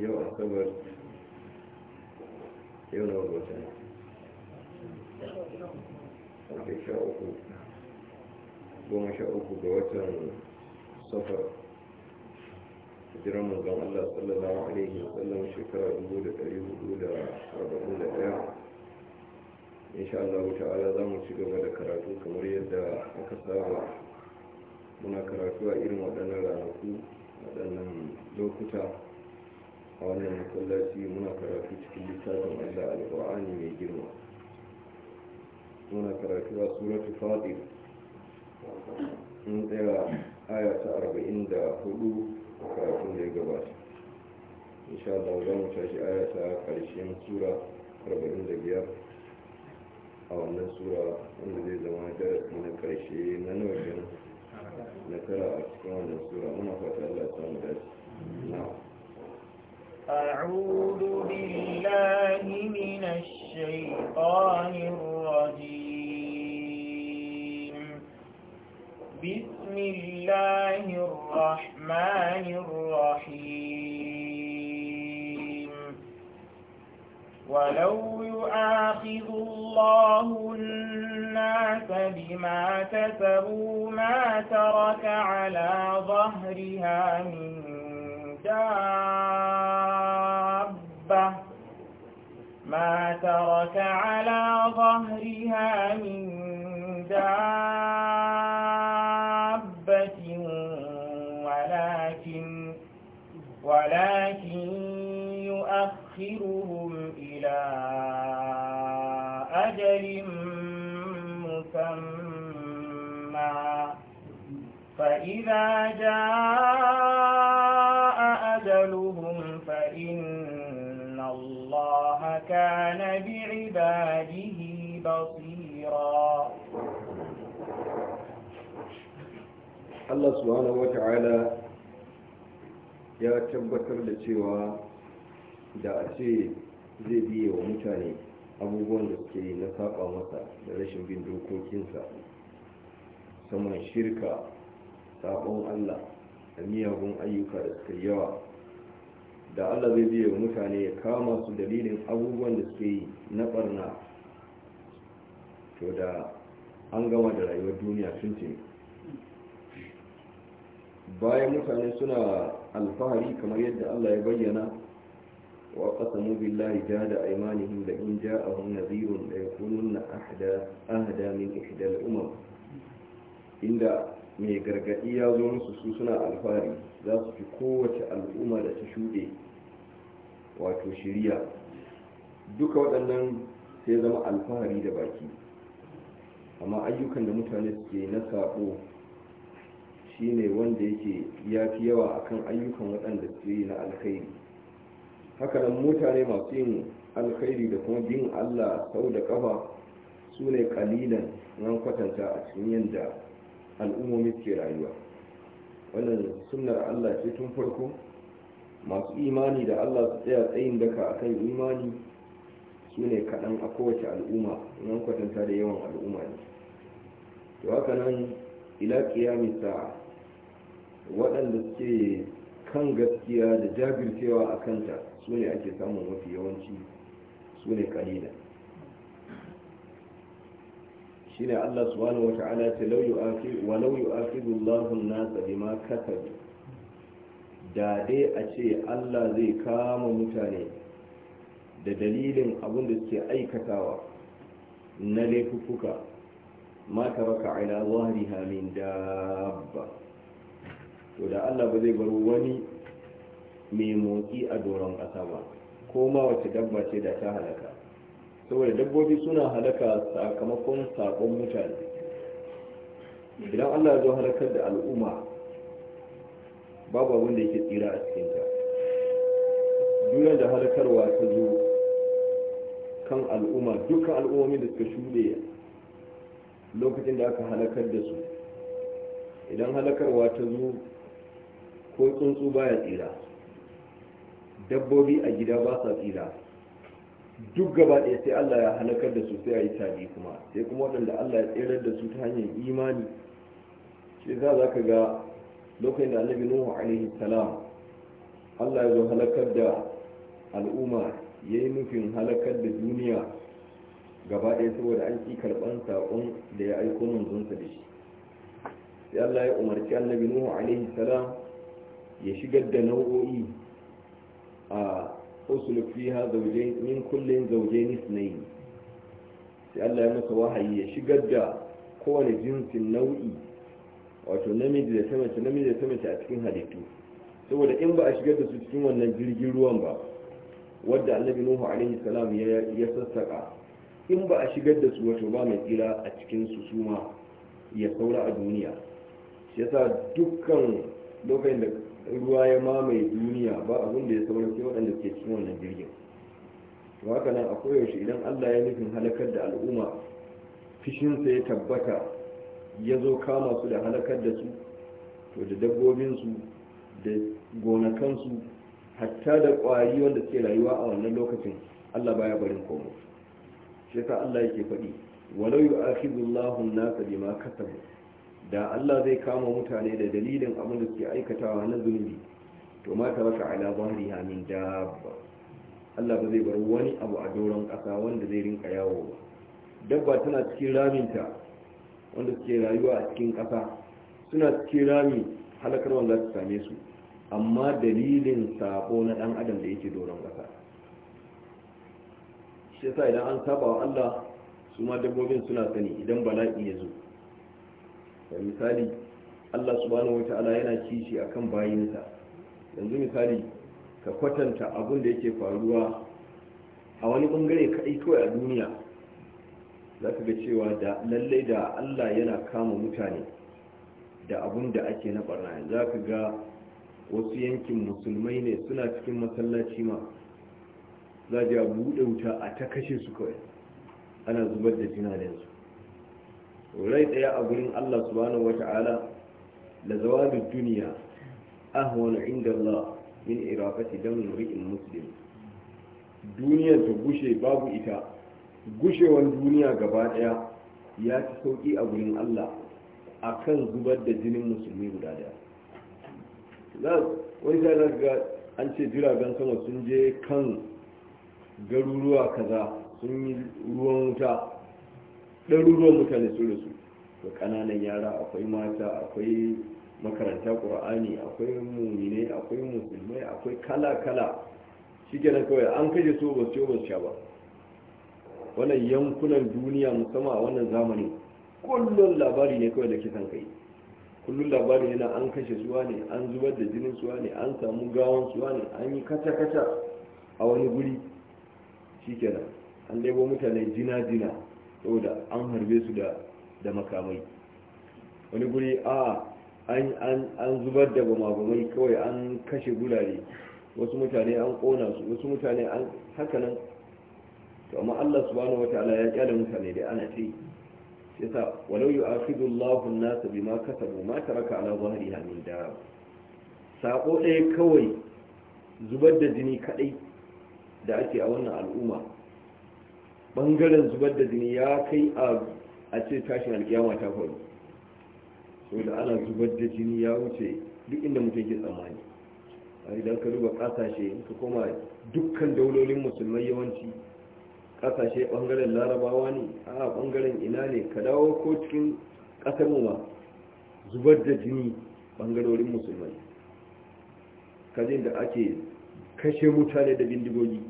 yau asabar yau na goma sha uku ga watan safar hijiran manzon Allah sallallahu alaihi wa sallam shekara 1441 insha Allah ta'ala za mu ci gaba da karatu kamar yadda aka saba muna karatu a irin waɗannan ranaku waɗannan lokuta a wannan masallaci muna karatu cikin littafin allah alƙur'ani mai girma muna karatu a suratu fatir in tsaya aya ta arba'in da hudu a karatun da ya gabata insha allah za mu tashi aya ta ƙarshen sura arba'in da biyar a wannan sura wanda zai zama darasi na ƙarshe na nawa na tara a cikin wannan sura muna fata allah ya samu dace na'am أعوذ بالله من الشيطان الرجيم بسم الله الرحمن الرحيم ولو يؤاخذ الله الناس بما كسبوا ما ترك على ظهرها من دابة ما ترك على ظهرها من دابة ولكن ولكن يؤخرهم إلى أجل مسمى فإذا جاء وكان بعباده بصيرا Allah subhanahu wata'ala ya tabbatar da cewa da a zai biya wa mutane abubuwan da suke na saba masa da rashin bin dokokinsa saman shirka sabon Allah da miyagun ayyuka da suka yawa da allah zai biya wa mutane ya kama su dalilin abubuwan da suke yi na barna to da an gama da rayuwar duniya sun ce bayan mutane suna alfahari kamar yadda allah ya bayyana wa qasamu billahi jada aymanihim da in ja'ahum nadhirun la yakununna ahda ahda min ihdal umam inda mai gargadi ya zo musu su suna alfahari za su fi kowace al'umma da ta shuɗe wato shirya duka waɗannan sai zama alfahari da baki amma ayyukan da mutane suke na shi shine wanda yake ya fi yawa akan ayyukan waɗanda su yi na alkhairi hakanan mutane masu yin alkhairi da kuma bin allah sau da ƙafa su ne ƙalilan nan kwatanta a cikin yadda al'ummomi ke rayuwa wannan sunnar allah ce tun farko masu imani da allah su tsaya tsayin daka akan imani su ne kaɗan a kowace al'umma nan kwatanta da yawan al'umma ne to haka nan ila kiyamin waɗanda suke kan gaskiya da jabircewa a kanta su ne ake samun mafi yawanci su ne kalila shi ne allah subhanahu wa ta'ala wa walau yi afiru allahun nasa bima kasabi da dai a ce allah zai kama mutane da dalilin abin da suke aikatawa na laifuka ma taraka ala zahriha min dabba to da allah ba zai bar wani mai motsi a doron ƙasa ba ko ma wace dabba ce da ta halaka saboda dabbobi suna halaka sakamakon sakon mutane idan allah ya zo halakar da al'umma babu abin da yake tsira a cikinta duniyar da halakarwa ta zo kan al'umma dukkan al'ummomi da suka shuɗe lokacin da aka halakar da su idan halakarwa ta zo ko tsuntsu baya tsira dabbobi a gida ba sa tsira duk gaba ɗaya sai allah ya halakar da su sai a yi tabi kuma sai kuma waɗanda allah ya tsirar da su ta hanyar imani shi za za ka ga lokacin da annabi nuhu alaihi salam Allah ya zo halakar da al'umma ya yi nufin halakar da duniya gaba ɗaya saboda an ƙi karɓan saƙon da ya aiko manzonsa da shi sai Allah ya umarci annabi nuhu alaihi salam ya shigar da nau'o'i a usul fiha zauje, min kullin zawjayn ithnayn sai Allah ya masa wahayi ya shigar da kowane jinsin nau'i wato namiji da namiji da ta mace a cikin halittu saboda in ba a shigar da su cikin wannan jirgin ruwan ba wadda annabi nuhu alaihi salam ya sassaka in ba a shigar da su wato ba mai tsira a cikin su suma ya saura a duniya shi yasa dukkan lokacin da ruwa ya mamaye duniya ba abin da ya saura sai waɗanda suke cikin wannan jirgin to haka nan a koyaushe idan Allah ya nufin halakar da al'umma fishinsa ya tabbata ya zo kama su da halakar da su to da dabbobinsu da gonakansu hatta da ƙwari wanda suke rayuwa a wannan lokacin Allah baya barin komo shi yasa Allah yake faɗi walau yu'akhidullahu an-nasa bima kasabu da Allah zai kama mutane da dalilin abin da suke aikatawa na zunubi to ma taraka ala zahriha min dabba Allah ba zai bar wani abu a doron ƙasa wanda zai rinka yawo ba dabba tana cikin raminta wanda suke rayuwa a cikin ƙasa suna cikin rami halakar za ta same su amma dalilin sabo na ɗan adam da yake doron ƙasa shi sa idan an saba wa Allah su ma dabbobin suna sani idan bala'i ya zo da misali Allah subhanahu ala yana kishi akan bayinsa yanzu misali ka kwatanta abin da yake faruwa a wani bangare kaɗai kawai a duniya za ka ga cewa da lallai da allah yana kama mutane da abun da ake na barna za ka ga wasu yankin musulmai ne suna cikin masallaci ma za a buɗe wuta a ta kashe su kawai ana zubar da jinadensu rai ɗaya a gurin allah subhanahu ta'ala da zawabin duniya ahwana inda allah min irafati damin ri'in muslim duniyar ta bushe babu ita gushewan duniya gaba daya ya ci sauki a gurin Allah akan zubar da jinin musulmi guda daya wani sai na ga an ce jiragen sama sun je kan garuruwa kaza sun yi ruwan wuta ɗaruruwan mutane da rasu da ƙananan yara akwai mata akwai makaranta ƙur'ani akwai muminai akwai musulmai akwai kala-kala shi kenan kawai an kaje so ba su ba su sha ba wannan yankunan duniya musamman a wannan zamani kullum labari ne kawai da kisan kai kullum labari yana an kashe suwa ne an zubar da jinin suwa ne an samu gawan suwa ne an yi kaca-kaca a wani guri shikenan an daibo mutane jina-jina saboda an harbe su da makamai wani guri a an zubar da gwamagwamai kawai an kashe gurare wasu mutane an kona su wasu mutane an hakanan to amma Allah subhanahu wataala ya kyale mutane da ana ce yasa walau yu'akhidu Allahu an-nasa bima kasabu ma taraka ala zahriha min dab sako ɗaya kawai zubar da jini kadai da ake a wannan al'umma bangaren zubar da jini ya kai a ce tashin alkiyama ta faru so da ana zubar da jini ya wuce duk inda mutum ke tsammani a idan ka duba kasashe ka koma dukkan daulolin musulmai yawanci kasashe bangaren larabawa ne a bangaren ina ne ka dawo ko cikin kasar mu ma zubar da jini bangarorin musulmai kajin da ake kashe mutane da bindigogi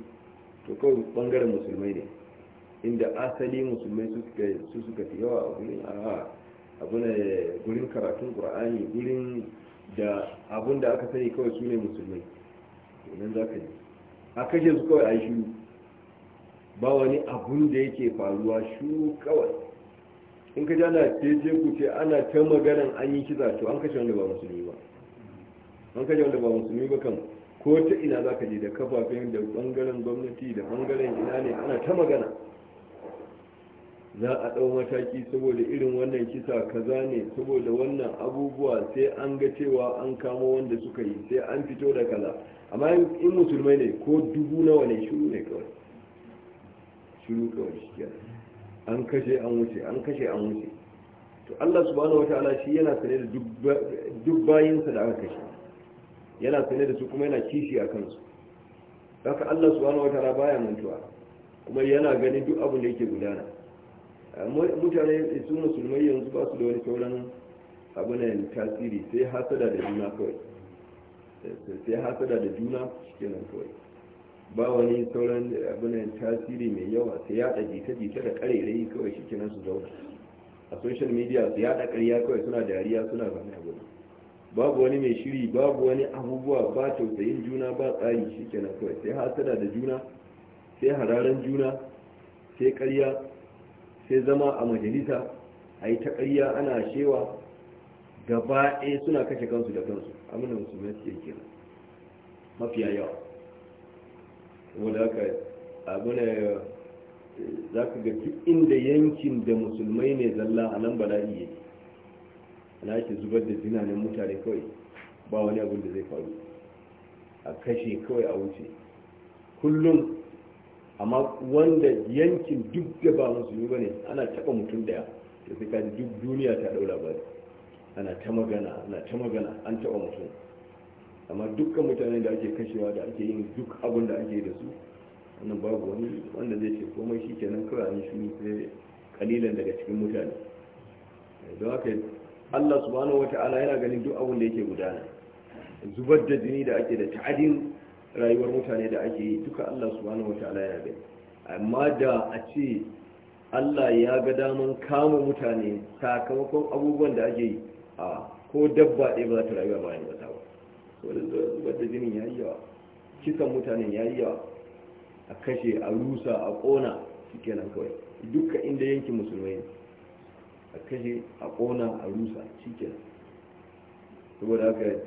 to kawai bangaren musulmai ne inda asali musulmai su suka fi yawa a gurin a gurin karatun qur'ani gurin da abun da aka sani kawai su ne musulmai idan za ka a kashe su kawai a yi shiru ba wani abun da yake faruwa shu kawai in ka jana teje ku ce ana ta maganan an yi kiza to an kashe wanda ba musulmi ba an kashe wanda ba musulmi ba kan ko ta ina za ka je da kafafen da bangaren gwamnati da bangaren ina ne ana ta magana za a ɗau mataki saboda irin wannan kisa kaza ne saboda wannan abubuwa sai an ga cewa an kamo wanda suka yi sai an fito da kaza amma in musulmai ne ko dubu nawa ne shuru ne kawai shiru kawai shi an kashe an wuce an kashe an wuce to Allah subhanahu wataala shi yana sane da duk bayinsa da aka kashe yana sane da su kuma yana kishi a kansu haka Allah subhanahu wataala baya mantuwa kuma yana ganin duk abin da yake gudana mutane su musulmai yanzu ba su da wani sauran abin tasiri sai hasada da juna kawai eh, sai hasada da juna shikenan kawai ba wani sauran abinan tasiri mai yawa su yada jita-jita da karerai kawai shi kinan su zauna a social media su yada karya kawai suna dariya suna zama a gudu babu wani mai shiri babu wani abubuwa ba tausayin juna ba tsari shi kenan kawai sai hasada da juna sai hararen juna sai karya sai zama a majalisa a yi ta karya ana shewa gaba ɗaya suna kashe kansu da kansu amina musulmai suke kenan mafiya yawa saboda haka za ka ga duk inda yankin da musulmai ne zalla a nan bala'i ke ana yake zubar da zinanin mutane kawai ba wani abin da zai faru a kashe kawai a wuce kullum amma wanda yankin duk da ba musulmi ba ne ana taɓa mutum daya da sai duk duniya ta ɗau ba ana ta magana ana ta magana an taba mutum amma dukkan mutane da ake kashewa da ake yin duk abin da ake da su wannan babu wani wanda zai ce komai shi kenan kawai ne shi ne kalilan daga cikin mutane don haka Allah subhanahu wata'ala yana ganin duk abin da yake gudana zubar da jini da ake da ta'adin rayuwar mutane da ake yi duka Allah subhanahu wata'ala yana gani amma da a ce Allah ya ga daman kama mutane sakamakon abubuwan da ake yi a ko dabba ɗaya ba za ta a bayan wata wadanda zubar da jinin ya yi yawa kisan mutanen ya yi yawa a kashe a rusa a ƙona su kenan kawai dukkan inda yankin musulmai a kashe a ƙona a rusa shi kenan saboda haka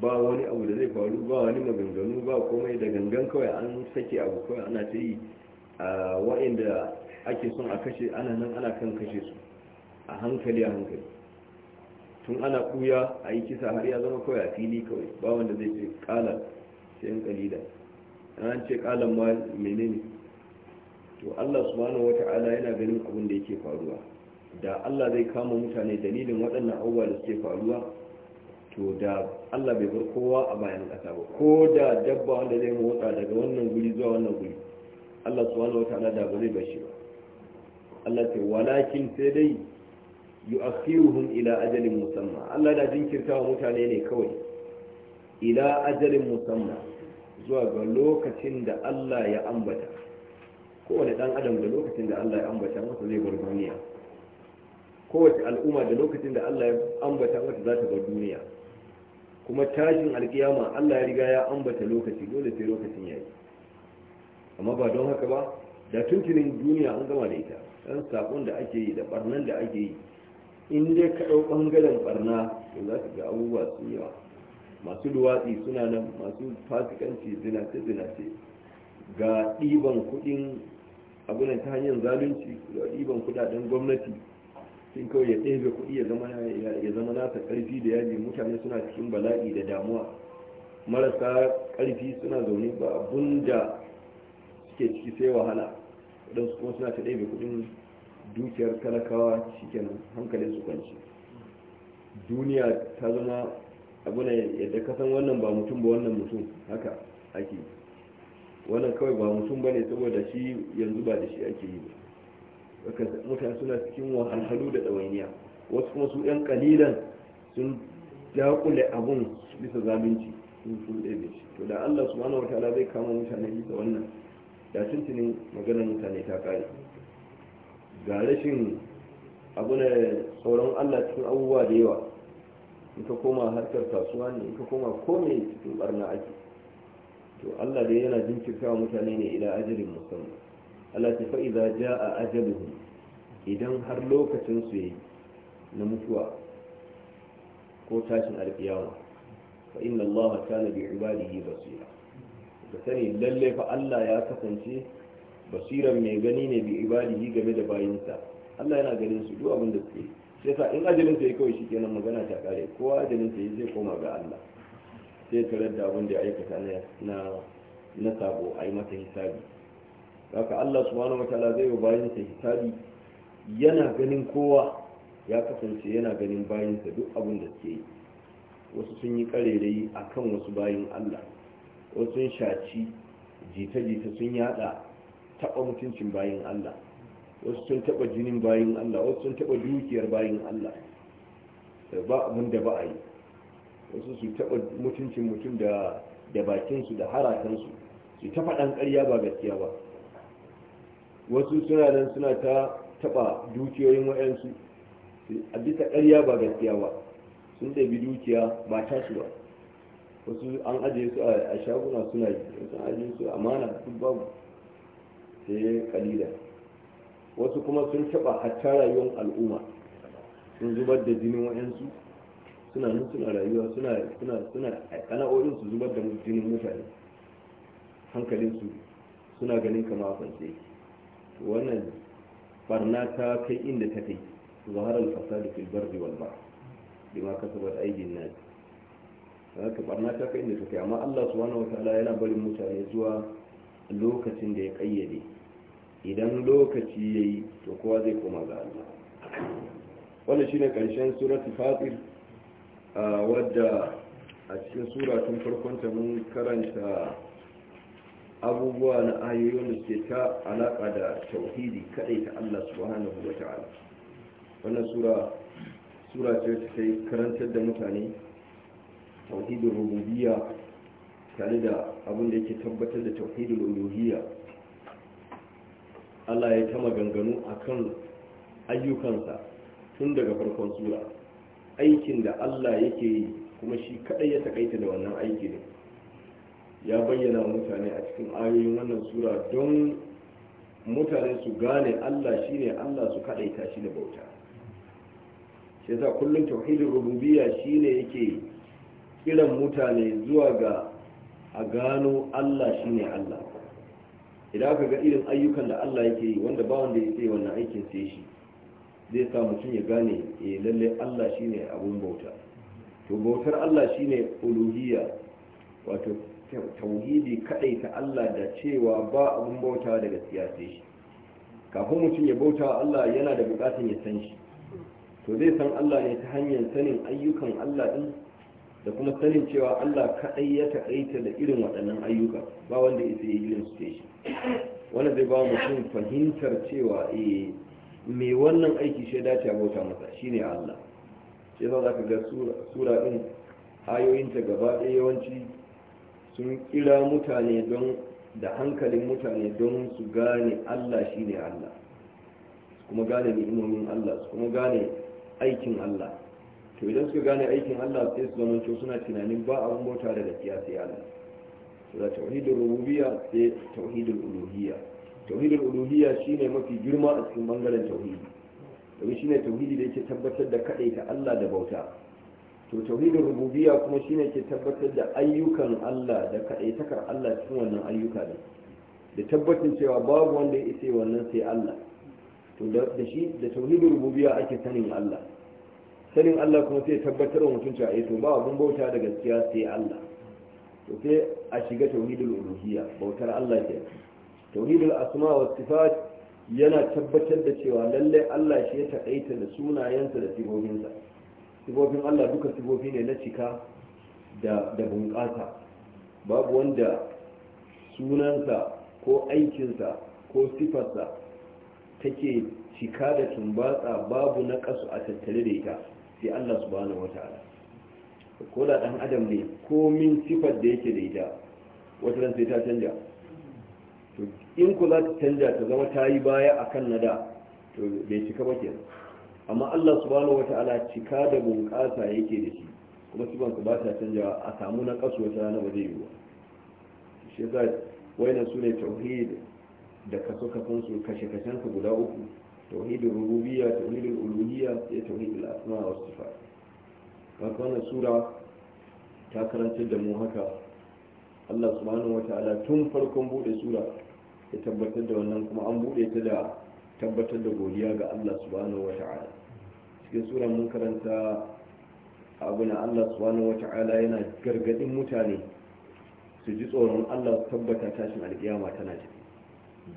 ba wani abu da zai faru ba wani maganganu ba komai da gangan kawai an sake abu kawai ana ta yi a wa'inda ake son a kashe ana nan ana kan kashe su a hankali a hankali tun ana kuya a yi kisa har ya zama kawai a fili kawai ba wanda zai ce kala sai yan kalila an ce kalan ma menene to Allah subhanahu wata'ala yana ganin abin da yake faruwa da Allah zai kama mutane dalilin waɗannan abubuwa da suke faruwa to da Allah bai bar kowa a bayan ƙasa ba ko da dabba wanda zai motsa daga wannan guri zuwa wannan guri Allah subhanahu wata'ala da ba zai bashi ba Allah ce walakin sai dai yu'akhiruhum ila ajalin musamma Allah na jinkirta wa mutane ne kawai ila ajalin musamma zuwa ga lokacin da Allah ya ambata kowane dan adam da lokacin da Allah ya ambata masa zai bar duniya kowace al'umma da lokacin da Allah ya ambata mata za ta bar duniya kuma tashin alkiyama Allah ya riga ya ambata lokaci dole sai lokacin yayi amma ba don haka ba da tuntunin duniya an gama da ita dan sakon da ake yi da barnan da ake yi in dai ka ɗau ɓangaren barna to za ka ga abubuwa sun yawa masu luwatsi suna nan masu fasikanci zinace zinace ga ɗiban kuɗin abunan ta hanyar zalunci ga ɗiban kuɗaɗen gwamnati sun kawai ya ɗebe kuɗi ya zama nasa ƙarfi da yaji mutane suna cikin bala'i da damuwa marasa ƙarfi suna zaune ba abun da suke ciki sai wahala waɗansu kuma suna ta ɗebe kuɗin dukiyar talakawa shikenan hankalin su kwanci duniya ta zama abu ne yadda kasan wannan ba mutum ba wannan mutum haka ake wannan kawai ba mutum ba ne saboda shi yanzu ba da shi ake yi ba mutane suna cikin wahalhalu da tsawainiya wasu kuma su ɗan kalilan sun jakule abun bisa zalunci sun sun ɗaya shi to da allah subhanahu wa ta'ala zai kama mutane bisa wannan da tuntunin maganar mutane ta kare. ga rashin abu na tsoron allah cikin abubuwa da yawa in ka koma harkar kasuwa ne in ka koma komai cikin barna ake to allah da yana jinkirtawa mutane ne ila ajalin musamman allah ta fa'iza ja a ajalin idan har lokacin su yi na mutuwa ko tashin alfiyawa fa inna allah ta nabi ibadihi basira ka sani lalle fa allah ya kasance basiran mai gani ne bi ibadihi game da bayinsa Allah yana ganin su duk abin da suke sai sa in ajalin sa kawai shi kenan magana ta kare kowa ajalin sa zai koma ga Allah sai tarar da abin da ya aikata na na sabo a yi hisabi haka Allah subhanahu wataala zai wa bayinsa hisabi yana ganin kowa ya kasance yana ganin bayinsa duk abin da suke yi wasu sun yi karerayi akan wasu bayin Allah wasu sun shaci jita-jita sun yada taɓa mutuncin bayin Allah wasu sun taɓa jinin bayin Allah wasu sun taɓa dukiyar bayin Allah da ba abin da ba a yi wasu su taɓa mutuncin mutum da da bakinsu da harakansu su ta faɗan ƙarya ba gaskiya ba wasu suna nan suna ta taɓa dukiyoyin waɗansu a bisa ƙarya ba gaskiya ba sun ɗabi dukiya ba tashi ba wasu an ajiye su a shaguna suna yi wasu an ajiye su amana duk babu sai kalila wasu kuma sun taba hatta rayuwar al'umma sun zubar da jinin wa'yansu suna mutuna rayuwa suna suna suna sana'o'in su zubar da jinin mutane hankalinsu suna ganin kama a kwance wannan barna ta kai inda ta kai zahar da fasad da ma wal bahr bima kasabat aydin nas haka barna ta kai inda ta kai amma Allah wata ala yana barin mutane zuwa lokacin da ya kayyade idan lokaci ya yi to kowa zai koma ga Allah wannan shine karshen surati fatir wadda a cikin suratun tun farkon ta mun karanta abubuwa na ayoyin da suke ta alaka da tauhidi kadai ta Allah subhanahu wata'ala wannan sura sura ce ta kai karantar da mutane tauhidin rububiyya tare da abin da yake tabbatar da tauhidin uluhiyya Allah ya ta maganganu kan ayyukansa tun daga farkon sura aikin da Allah yake yi kuma shi kaɗai ya taƙaita da wannan aiki ne ya bayyana mutane a cikin ayoyin wannan sura don mutane su gane Allah shine Allah su ta shi da bauta shi yasa kullum tauhidin rububiyya shine yake kiran mutane zuwa ga a gano Allah shi ne Allah idan aka ga irin ayyukan da Allah yake yi wanda ba wanda ya ce wannan aikin sai shi zai sa mutum ya gane e lalle Allah shi ne abun bauta to bautar Allah shi ne uluhiyya wato tauhidi kadai ta Allah da cewa ba abun bauta daga siyasa shi kafin mutum ya bauta Allah yana da bukatun ya san shi to zai san Allah ne ta hanyar sanin ayyukan Allah din da kuma sanin cewa Allah kaɗai ya taƙaita da irin waɗannan ayyuka ba wanda isa yi irin su shi wanda zai ba mutum fahimtar cewa eh me wannan aiki shi dace a bauta masa shine Allah sai za ka ga sura ɗin ta gaba ɗaya yawanci sun kira mutane don da hankalin mutane don su gane Allah shine Allah kuma gane ni'imomin Allah su kuma gane aikin Allah to idan suka gane aikin Allah sai su zamanto suna tunanin ba abun bauta da gaskiya sai Allah to da tauhidul rububiyya sai tauhidul uluhiyya tauhidul uluhiyya shine mafi girma a cikin bangaren tauhidi domin shine tauhidi da yake tabbatar da ta Allah da bauta to tauhidul rububiyya kuma shine ke tabbatar da ayyukan Allah da kadaitakar Allah cikin wannan ayyuka ne da tabbacin cewa babu wanda ya isa wannan sai Allah to da shi da tauhidul rububiyya ake sanin Allah sanin Allah kuma sai tabbatar wa mutum cewa eh, to ba abun bauta da gaskiya sai Allah to sai a shiga tauhidul uluhiyya bautar Allah ke tauhidul asma wa sifat yana tabbatar da cewa lalle Allah shi ya takaita da sunayensa da sifofinsa sifofin Allah duka sifofi ne na cika da da bunƙasa babu wanda sunansa ko aikinsa ko sifarsa take cika da tumbatsa babu na kasu a tattale da ita fi Allah subhanahu ala ko da dan adam ne ko min sifar da yake da ita wata ran sai ta canja to in ku za ta canja ta zama ta yi baya akan nada to bai cika ba kenan amma Allah subhanahu ala cika da bunƙasa yake da shi kuma sifar ku ba ta canjawa a samu na kasu wata rana ba zai yi ba shi yasa wayannan sune tauhid da kaso kafin su kashe kashen ka guda uku tauhid rububiyya tauhid uluhiyya sai tauhid al-asma wa sifat kafana sura ta karanta da mu haka Allah subhanahu wataala tun farkon bude sura ya tabbatar da wannan kuma an bude ta da tabbatar da godiya ga Allah subhanahu wataala cikin sura mun karanta abu na Allah subhanahu wataala yana gargadin mutane su ji tsoron Allah tabbata tashin alkiyama tana cikin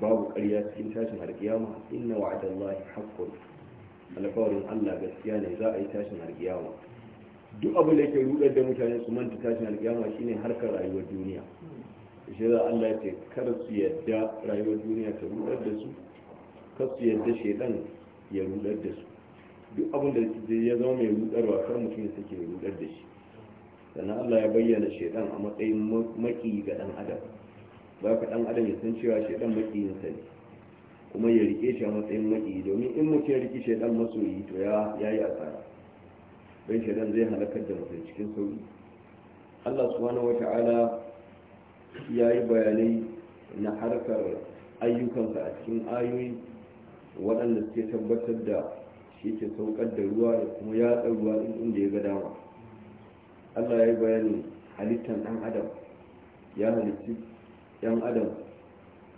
babu ƙarya cikin tashin alkiyama inna wa'adallahi haqqun alƙawarin Allah gaskiya ne za a yi tashin alkiyama duk abin da yake rudar da mutane su manta tashin alkiyama shine harkar rayuwar duniya shi za Allah ya ce kar su yadda rayuwar duniya ta rudar da su kar su yadda shedan ya rudar da su duk abin da ya zama mai rudarwa kar mutum ya sake rudar da shi sannan Allah ya bayyana shedan a matsayin maki ga dan adam za ka dan adam ya san cewa shi shaidan makiyinsa ne kuma ya rike shi a matsayin maki domin in mutum ya rike shaidan masoyi to ya yayi asara dan shaidan zai halakar da mutum cikin sauki Allah subhanahu wata'ala ya yi bayanai na harkar ayyukansa a cikin ayoyi waɗanda suke tabbatar da shi ke saukar da ruwa da kuma yatsa ruwa inda ya ga dama Allah ya yi bayanin halittar ɗan adam ya halittu. yan adam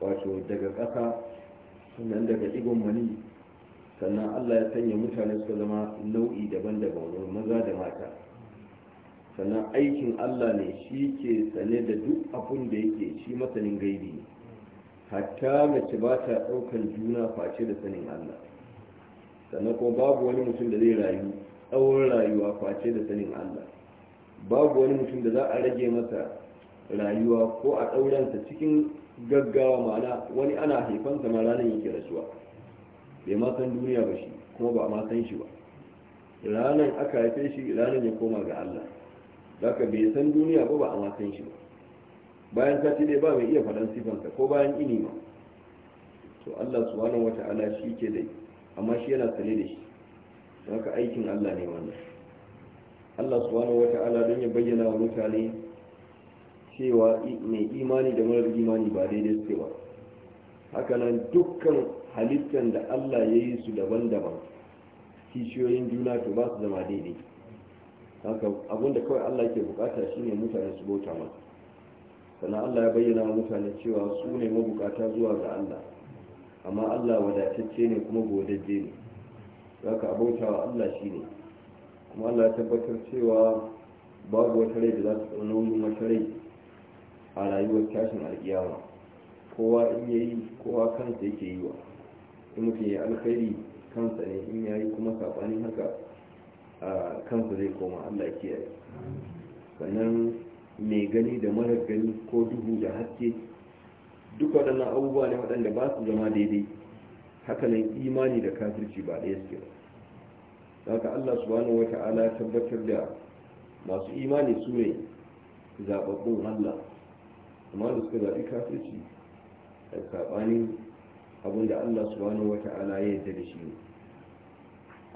wato daga ƙasa sannan daga igon mani sannan allah ya sanya mutane su zama nau'i daban-daban maza da mata sannan aikin allah ne shi ke sane da duk abin da yake shi masanin gaibi ne hatta mace ba ta ɗaukar juna face da sanin allah sannan kuma babu wani mutum da zai rayu tsawon rayuwa face da sanin allah babu wani mutum da za a rage masa rayuwa ko a ɗauransa cikin gaggawa ma'ana wani ana haifansa ma ranar yake rasuwa bai ma san duniya ba shi kuma ba ma san shi ba ranar aka haife shi ranar ya koma ga Allah zaka bai san duniya ba ba a ma san shi ba bayan sati dai ba mai iya faɗan sifanta ko bayan ini ma to Allah su wani wata ala shi ke dai amma shi yana sane da shi haka aikin Allah ne wannan Allah su wani wata ala don ya bayyana wa mutane cewa mai imani da marar imani ba daidai suke ba hakanan dukkan halittar da allah ya yi su daban-daban kishiyoyin juna to ba su zama daidai haka abinda kawai allah ke bukata shine mutane su bauta masa sannan allah ya bayyana wa mutane cewa su ne mabukata zuwa ga allah amma allah wadatacce ne kuma godajje ne abauta wa allah shine kuma allah ya tabbatar cewa babu wata rai da za ta tsaunoyin wata rai a rayuwar tashin alkiyama kowa in ya yi kowa kansa yake yi wa in mutum ya alkhairi kansa ne in ya yi kuma saɓanin haka a kansa zai koma allah kiyaye sannan mai gani da marar gani ko duhu da haske duk waɗannan abubuwa ne waɗanda ba su zama daidai hakanan imani da kafirci ba ɗaya suke ba ka allah subhanahu wa ta'ala tabbatar da masu imani su ne zaɓaɓɓun allah amma da suka zaɓi kafirci da saɓanin abinda allah subhanahu ala ya yadda da shi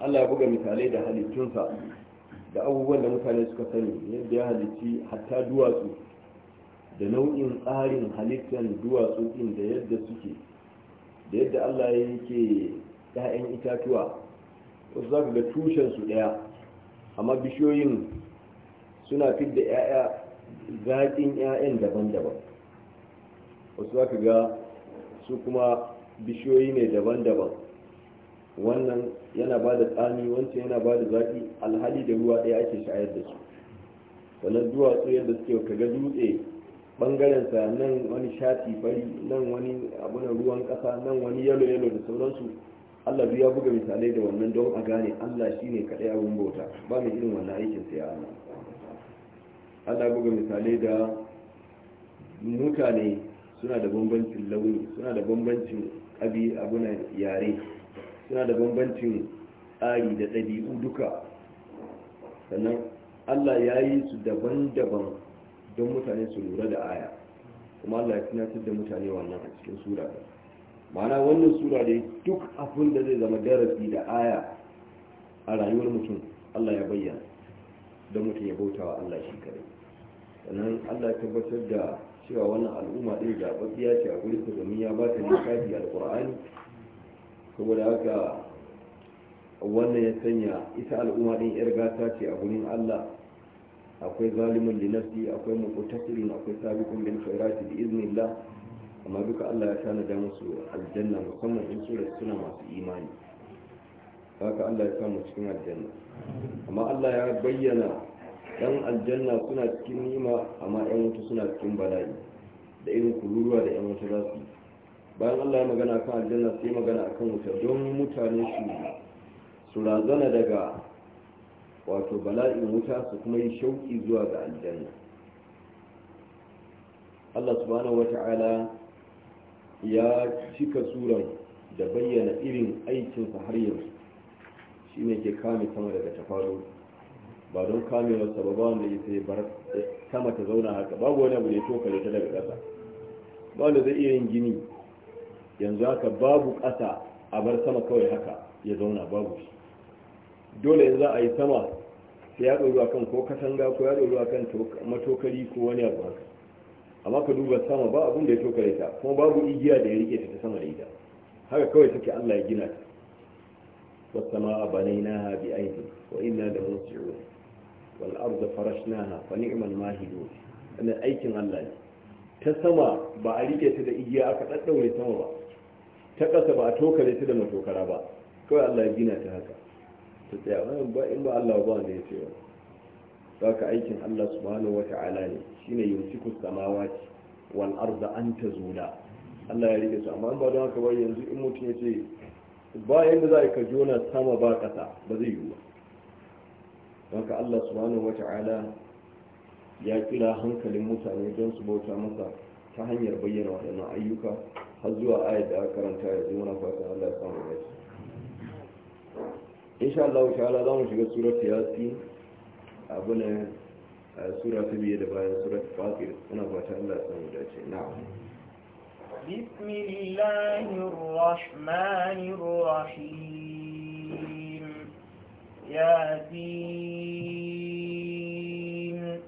allah ya buga misalai da halittunsa da abubuwan da mutane suka sani yadda ya halitti hatta duwatsu da nau'in tsarin halittar duwatsu ɗin da yadda suke da yadda allah ya yake 'ya'yan itatuwa wasu za ga tushensu ɗaya amma bishiyoyin suna fidda 'ya'ya zaƙin 'ya'yan daban-daban wasu za ka ga su kuma bishiyoyi ne daban-daban wannan yana ba da tsami wancan yana ba da zaƙi alhali da ruwa ɗaya ake shayar da su zuwa duwatsu yadda suke ka ga dutse ɓangarensa nan wani shati fari nan wani abunan ruwan ƙasa nan wani yalo yalo da sauransu allah ya buga misalai da wannan don a gane allah shi ne kaɗai abin bauta ba mai irin wannan aikin sai allah allah buga misalai da mutane suna da bambancin launi suna da bambancin abi abuna yare suna da bambancin tsari da ɗabi'u duka sannan allah ya yi su daban-daban don mutane su lura da aya kuma allah ya tunatar da mutane wannan a cikin sura ma'ana wannan sura dai duk abin da zai zama darasi da aya a rayuwar mutum allah ya bayyana don mutum ya bauta wa Allah shi kare sannan Allah ya tabbatar da cewa wannan al'umma ɗin zaɓaɓɓiya ce a gurin domin ya ba ta littafi alƙur'ani saboda haka wannan ya sanya ita al'umma ɗin yar gata ce a gurin Allah akwai zalimin linafsi akwai muqtasirin akwai sabiqun bin khairati bi iznillah amma duka Allah ya tana da musu aljanna musamman in sura suna masu imani haka Allah ya samu cikin aljanna amma Allah ya bayyana yan aljanna suna cikin nima amma yan wuta suna cikin bala'i da irin kururuwa da yan wuta za su bayan Allah ya magana kan aljanna sai magana akan wuta don mutane su su razana daga wato bala'in wuta su kuma yi shauki zuwa ga aljanna Allah subhanahu wata'ala ya cika suran da bayyana irin aikinsa har yanzu shine ke kame sama daga tafaru ba don kame wasu ba ba wanda sai bar sama ta zauna haka babu wani abu da ya tokale ta daga ƙasa ba wanda zai iya yin gini yanzu haka babu ƙasa a bar sama kawai haka ya zauna babu shi dole yanzu a yi sama sai ya ɗoru akan ko katanga ko ya ɗoru akan matokari ko wani abu haka amma ka duba sama ba abun da ya tokare ta kuma babu igiya da ya rike ta sama da ita haka kawai take Allah ya gina ta والسماء بنيناها بأيد وإنا لموسعون والأرض فرشناها فنعم الماهدون أنا أيكن الله تسمى بعليك تدى إياك تدور سمى تقصى بأتوك لتدى متوكرا با كوي الله يجينا تهكا تتعى إن با الله وضعنا يسير ذاك أيكن الله سبحانه وتعالى شين يمسك السماوات والأرض أن تزولا Allah ya rike su amma ba don haka ba yanzu in mutum ya ce ba da za a ka jona sama ba ƙasa ba zai yiwu ba ka Allah subhanahu wata'ala ya kira hankalin mutane don su bauta masa ta hanyar bayyana waɗannan ayyuka har zuwa ayat da aka karanta ya zo mana fatan Allah ya samu rai insha Allah ta'ala za mu shiga surat yasin abu ne eh, sura ta biye da bayan surat fatir ina fatan Allah ya samu dace na'am بسم الله الرحمن الرحيم ياسين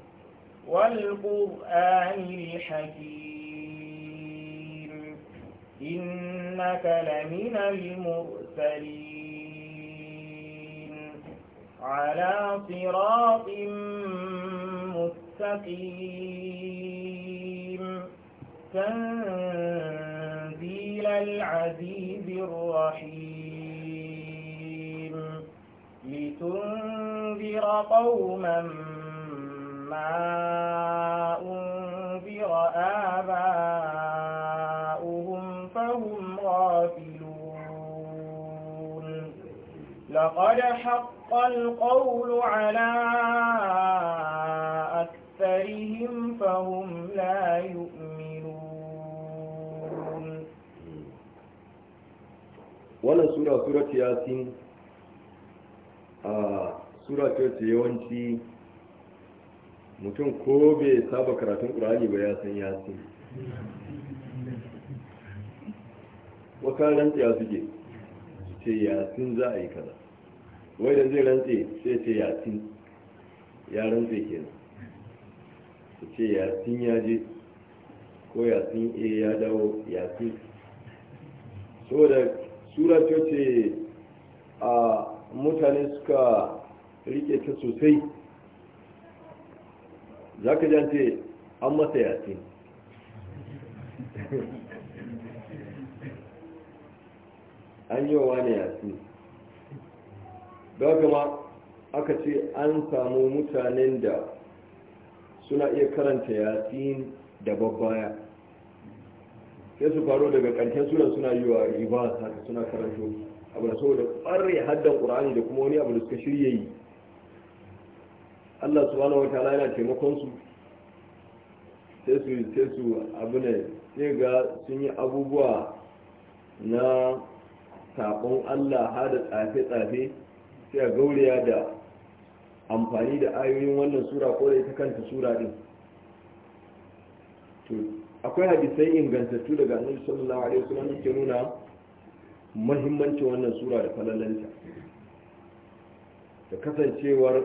والقرآن الحكيم إنك لمن المرسلين على صراط مستقيم تنزيل العزيز الرحيم لتنذر قوما ما أنذر آباؤهم فهم غافلون لقد حق القول على أكثرهم wannan sura sura yasin a sura ce yawanci mutum ko bai saba karatun ƙur'ani ba ya san yasin rantse ya suke ce yasin za a yi kaza wai da zai rantse sai ce yasin ya rantse kenan su ce yasin ya je ko yasin a ya dawo yasin so da sura ce ce a mutane suka rike ta sosai za ka jante an masa yasi. an yi wa ne yasi don ma aka ce an samu mutanen da suna iya karanta yasi da babbaya sai su faro daga ƙarshen sura suna yi wa riba haka suna karanto abu da saboda ƙwarre haddan ƙur'ani da kuma wani abu da suka shirya yi Allah su wani wata yana taimakon su sai su sai su abu ne sai ga sun yi abubuwa na saƙon Allah hada tsafe-tsafe sai a gauriya da amfani da ayoyin wannan sura ko da ita kanta sura din akwai hadisai ingantattu daga annabi sallallahu alaihi wasallam ke nuna muhimmancin wannan sura da falalanta da kasancewar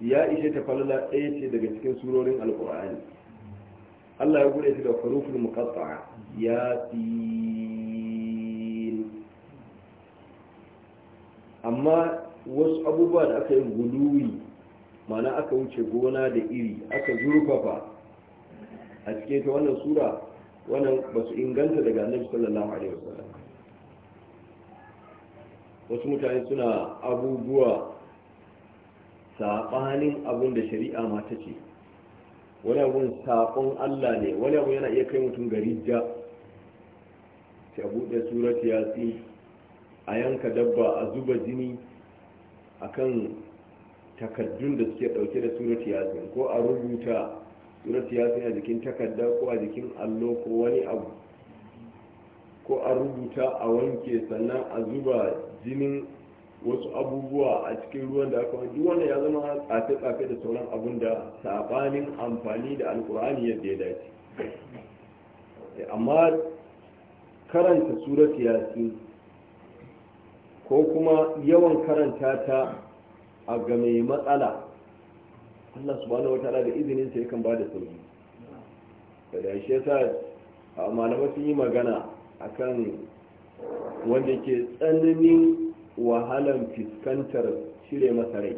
ya ishe ta falala ɗaya ce daga cikin surorin alkur'ani Allah ya gure shi da farufin muqatta'a ya amma wasu abubuwa da aka yi guluwi ma'ana aka wuce gona da iri aka zurfafa a cikin ta wannan sura wannan ba su inganta daga annabi sallallahu alaihi wasallam wasu mutane suna abubuwa saɓanin abun da shari'a ma ta ce wani abun saƙon allah ne wani abu yana iya kai mutum gari ja ta buɗe surat yasi a yanka dabba a zuba jini akan takaddun da suke ɗauke da surat yasin ko a rubuta surat siyasa a jikin takarda ko a jikin allo ko wani abu ko a rubuta a wanke sannan a zuba jinin wasu abubuwa a cikin ruwan da aka wani wanda ya zama tsafe-tsafe da sauran abun da sabanin amfani da alkur'ani yadda ya dace amma karanta surat yasin ko kuma yawan karanta ta a game matsala Allah subhanahu wataala da izinin sa yakan bada sauki da shi yasa malama sun yi magana akan wanda ke tsananin wahalan fiskantar shirye masa rai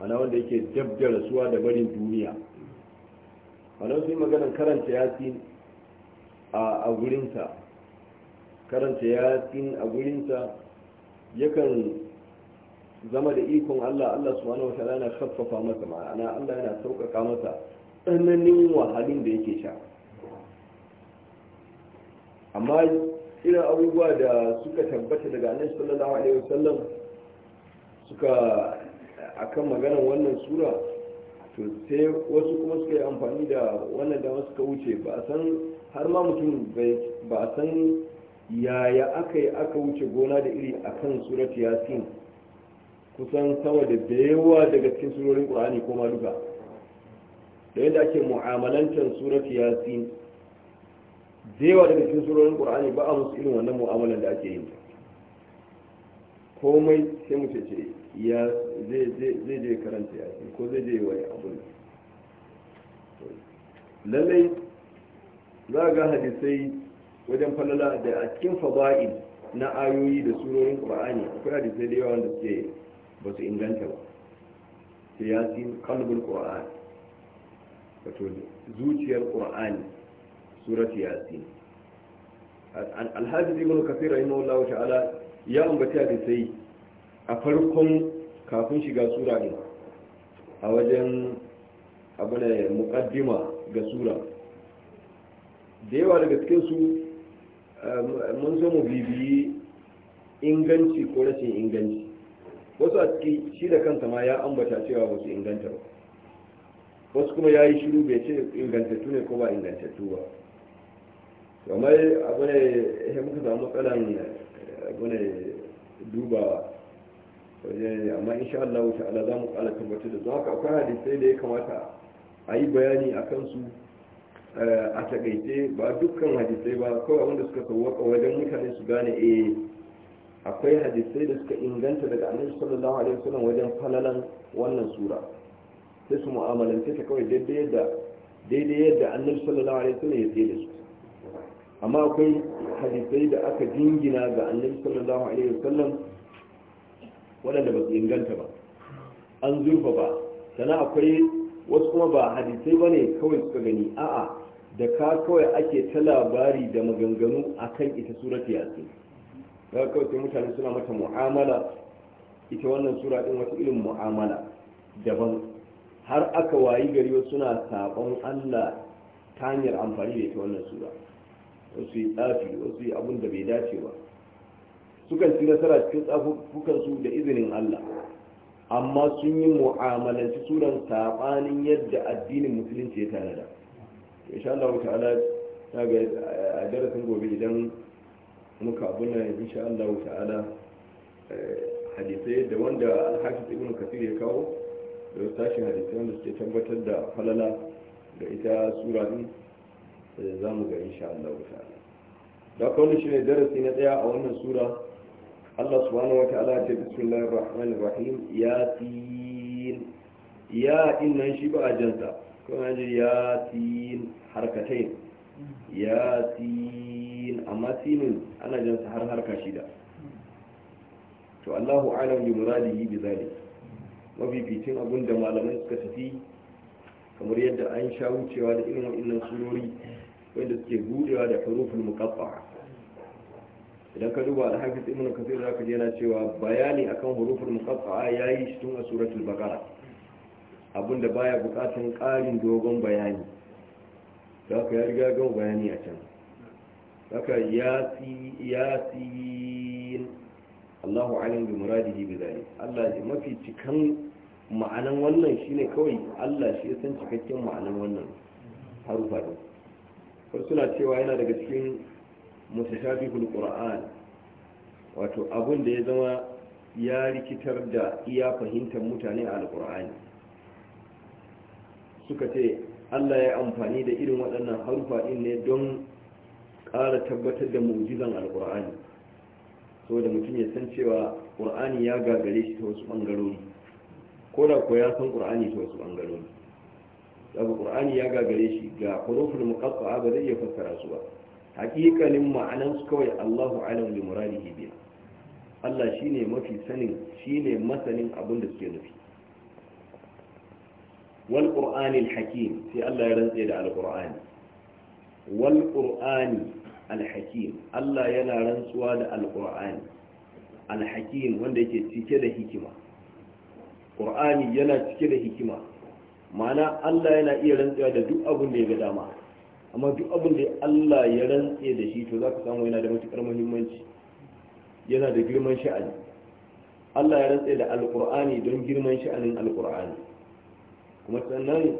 ana wanda yake dab da rasuwa da barin duniya malamai sun yi magana karanta yasin a gurinsa karanta yasin a gurinsa yakan zama da ikon Allah Allah subhanahu wataala yana kaffafa masa ma'ana Allah yana sauƙaƙa masa tsananin wahalin da yake sha amma irin abubuwa da suka tabbata daga annabi sallallahu alaihi wasallam suka akan maganar wannan sura to sai wasu kuma suka yi amfani da wannan wasu suka wuce ba san har ma mutum ba san yaya aka yi aka wuce gona da iri akan surat yasin kusan sama da yawa daga cikin surorin qur'ani ko maluka da yadda ake mu'amalancin surat yasin da yawa daga cikin surorin qur'ani ba a musu irin wannan mu'amalan da ake yi komai sai mu ce ya zai je karanta yasin ko zai je wani abu lallai za ga hadisai wajen falala da a cikin fada'il na ayoyi da surorin qur'ani akwai hadisai da yawa wanda suke ba su inganta ba yasin kalbul qur'an wato zuciyar qur'ani surat yasin alhaji ibn kafir rahimahullahu ta'ala ya ambata da sai a farkon kafin shiga sura ne a wajen abu ya ga sura da yawa daga cikin su eh, mun zama mu bibiyi inganci ko rashin inganci wasu a ciki shi da kansa ma ya ambata cewa ba su inganta ba wasu kuma ya yi shiru bai ce ingantattu ne ko ba ingantattu ba kamar abu ne ya eh, muka samu matsalan eh, abu ne dubawa amma insha Allah ta'ala za mu kala tabbatar da haka akwai hadisai da ya kamata a yi bayani a kansu eh, a takaice ba dukkan hadisai ba kawai wanda suka sauwaka wajen mutane su gane eh akwai hadisai da suka inganta daga annabi sallallahu alaihi wasallam wajen falalan wannan sura sai su mu'amalance ta kawai daidai yadda daidai yadda annabi sallallahu alaihi wasallam ya tsaye da su amma akwai hadisai da aka jingina ga annabi sallallahu alaihi wasallam waɗanda ba su inganta ba an zurfa ba sana akwai wasu kuma ba hadisai ba ne kawai suka gani a'a da ka kawai ake ta labari da maganganu akan ita surati yasin ga kawai mutane suna mata mu'amala ita wannan sura din wata irin mu'amala daban har aka wayi gari wasu suna sabon Allah ta hanyar amfani da ita wannan sura wasu yi tsafi wasu yi abin da bai dace ba sukan ci nasara cikin tsafukansu da izinin Allah amma sun yi mu'amalanci suran sabanin yadda addinin musulunci ya tanada insha Allah ta'ala ta ga a darasin gobe idan muka abin da insha Allah ta'ala eh, hadisai da wanda alhafiz ibn kafir ya kawo da wasu tashin hadisai wanda suke tabbatar da falala da ita sura din eh, za mu ga insha Allah ta'ala da kawai shi ne darasi na tsaya a wannan sura Allah subhanahu wa ta'ala ta bismillahir rahmanir rahim yasin ya in nan shi ba a jansa kuma ya ji yasin harkatai yasin sin amma sinin ana jansa har harka shida to allahu alam bi muradihi bi zalik mafificin abin da malamai suka tafi kamar yadda an sha wucewa da irin wa'annan surori wanda suke budewa da harufin muqatta idan ka duba al-hafiz ibn kathir zaka ji yana cewa bayani akan huruful muqatta yayi shi tun a suratul baqara abinda baya bukatun karin dogon bayani zaka ya riga gan bayani a can haka yasin Allahu alim bi muradihi bi zalik Allah ji mafi cikan ma'anan wannan shine kawai Allah shi ya san cikakken ma'anan wannan harufa din ko suna cewa yana daga cikin mutashabihul qur'an wato abun da ya zama ya rikitar da iya fahimtar mutane a alqur'ani suka ce Allah ya amfani da irin waɗannan harufa din ne don ƙara tabbatar da mu'jizan alƙur'ani saboda mutum ya san cewa ƙur'ani ya gagare shi ta wasu ɓangarori ko da ko ya san ƙur'ani ta wasu ɓangarori daga ƙur'ani ya gagare shi ga huruful muqatta'a ba zai iya fassara su ba haƙiƙanin ma'anan su kawai Allahu alam bi muradihi biha Allah shine mafi sanin shine masanin abin da suke nufi wal qur'anil hakim sai Allah ya rantse da alkur'ani. wal qur'ani alhakim Allah yana rantsuwa da alqur'ani alhakim wanda yake cike da hikima qur'ani yana cike da hikima ma'ana Allah yana iya rantsuwa da duk abin da ya ga dama amma duk abin da Allah ya rantse da shi to zaka samu yana da matukar muhimmanci yana da girman sha'ani Allah ya rantse da alqur'ani don girman sha'anin alqur'ani kuma sannan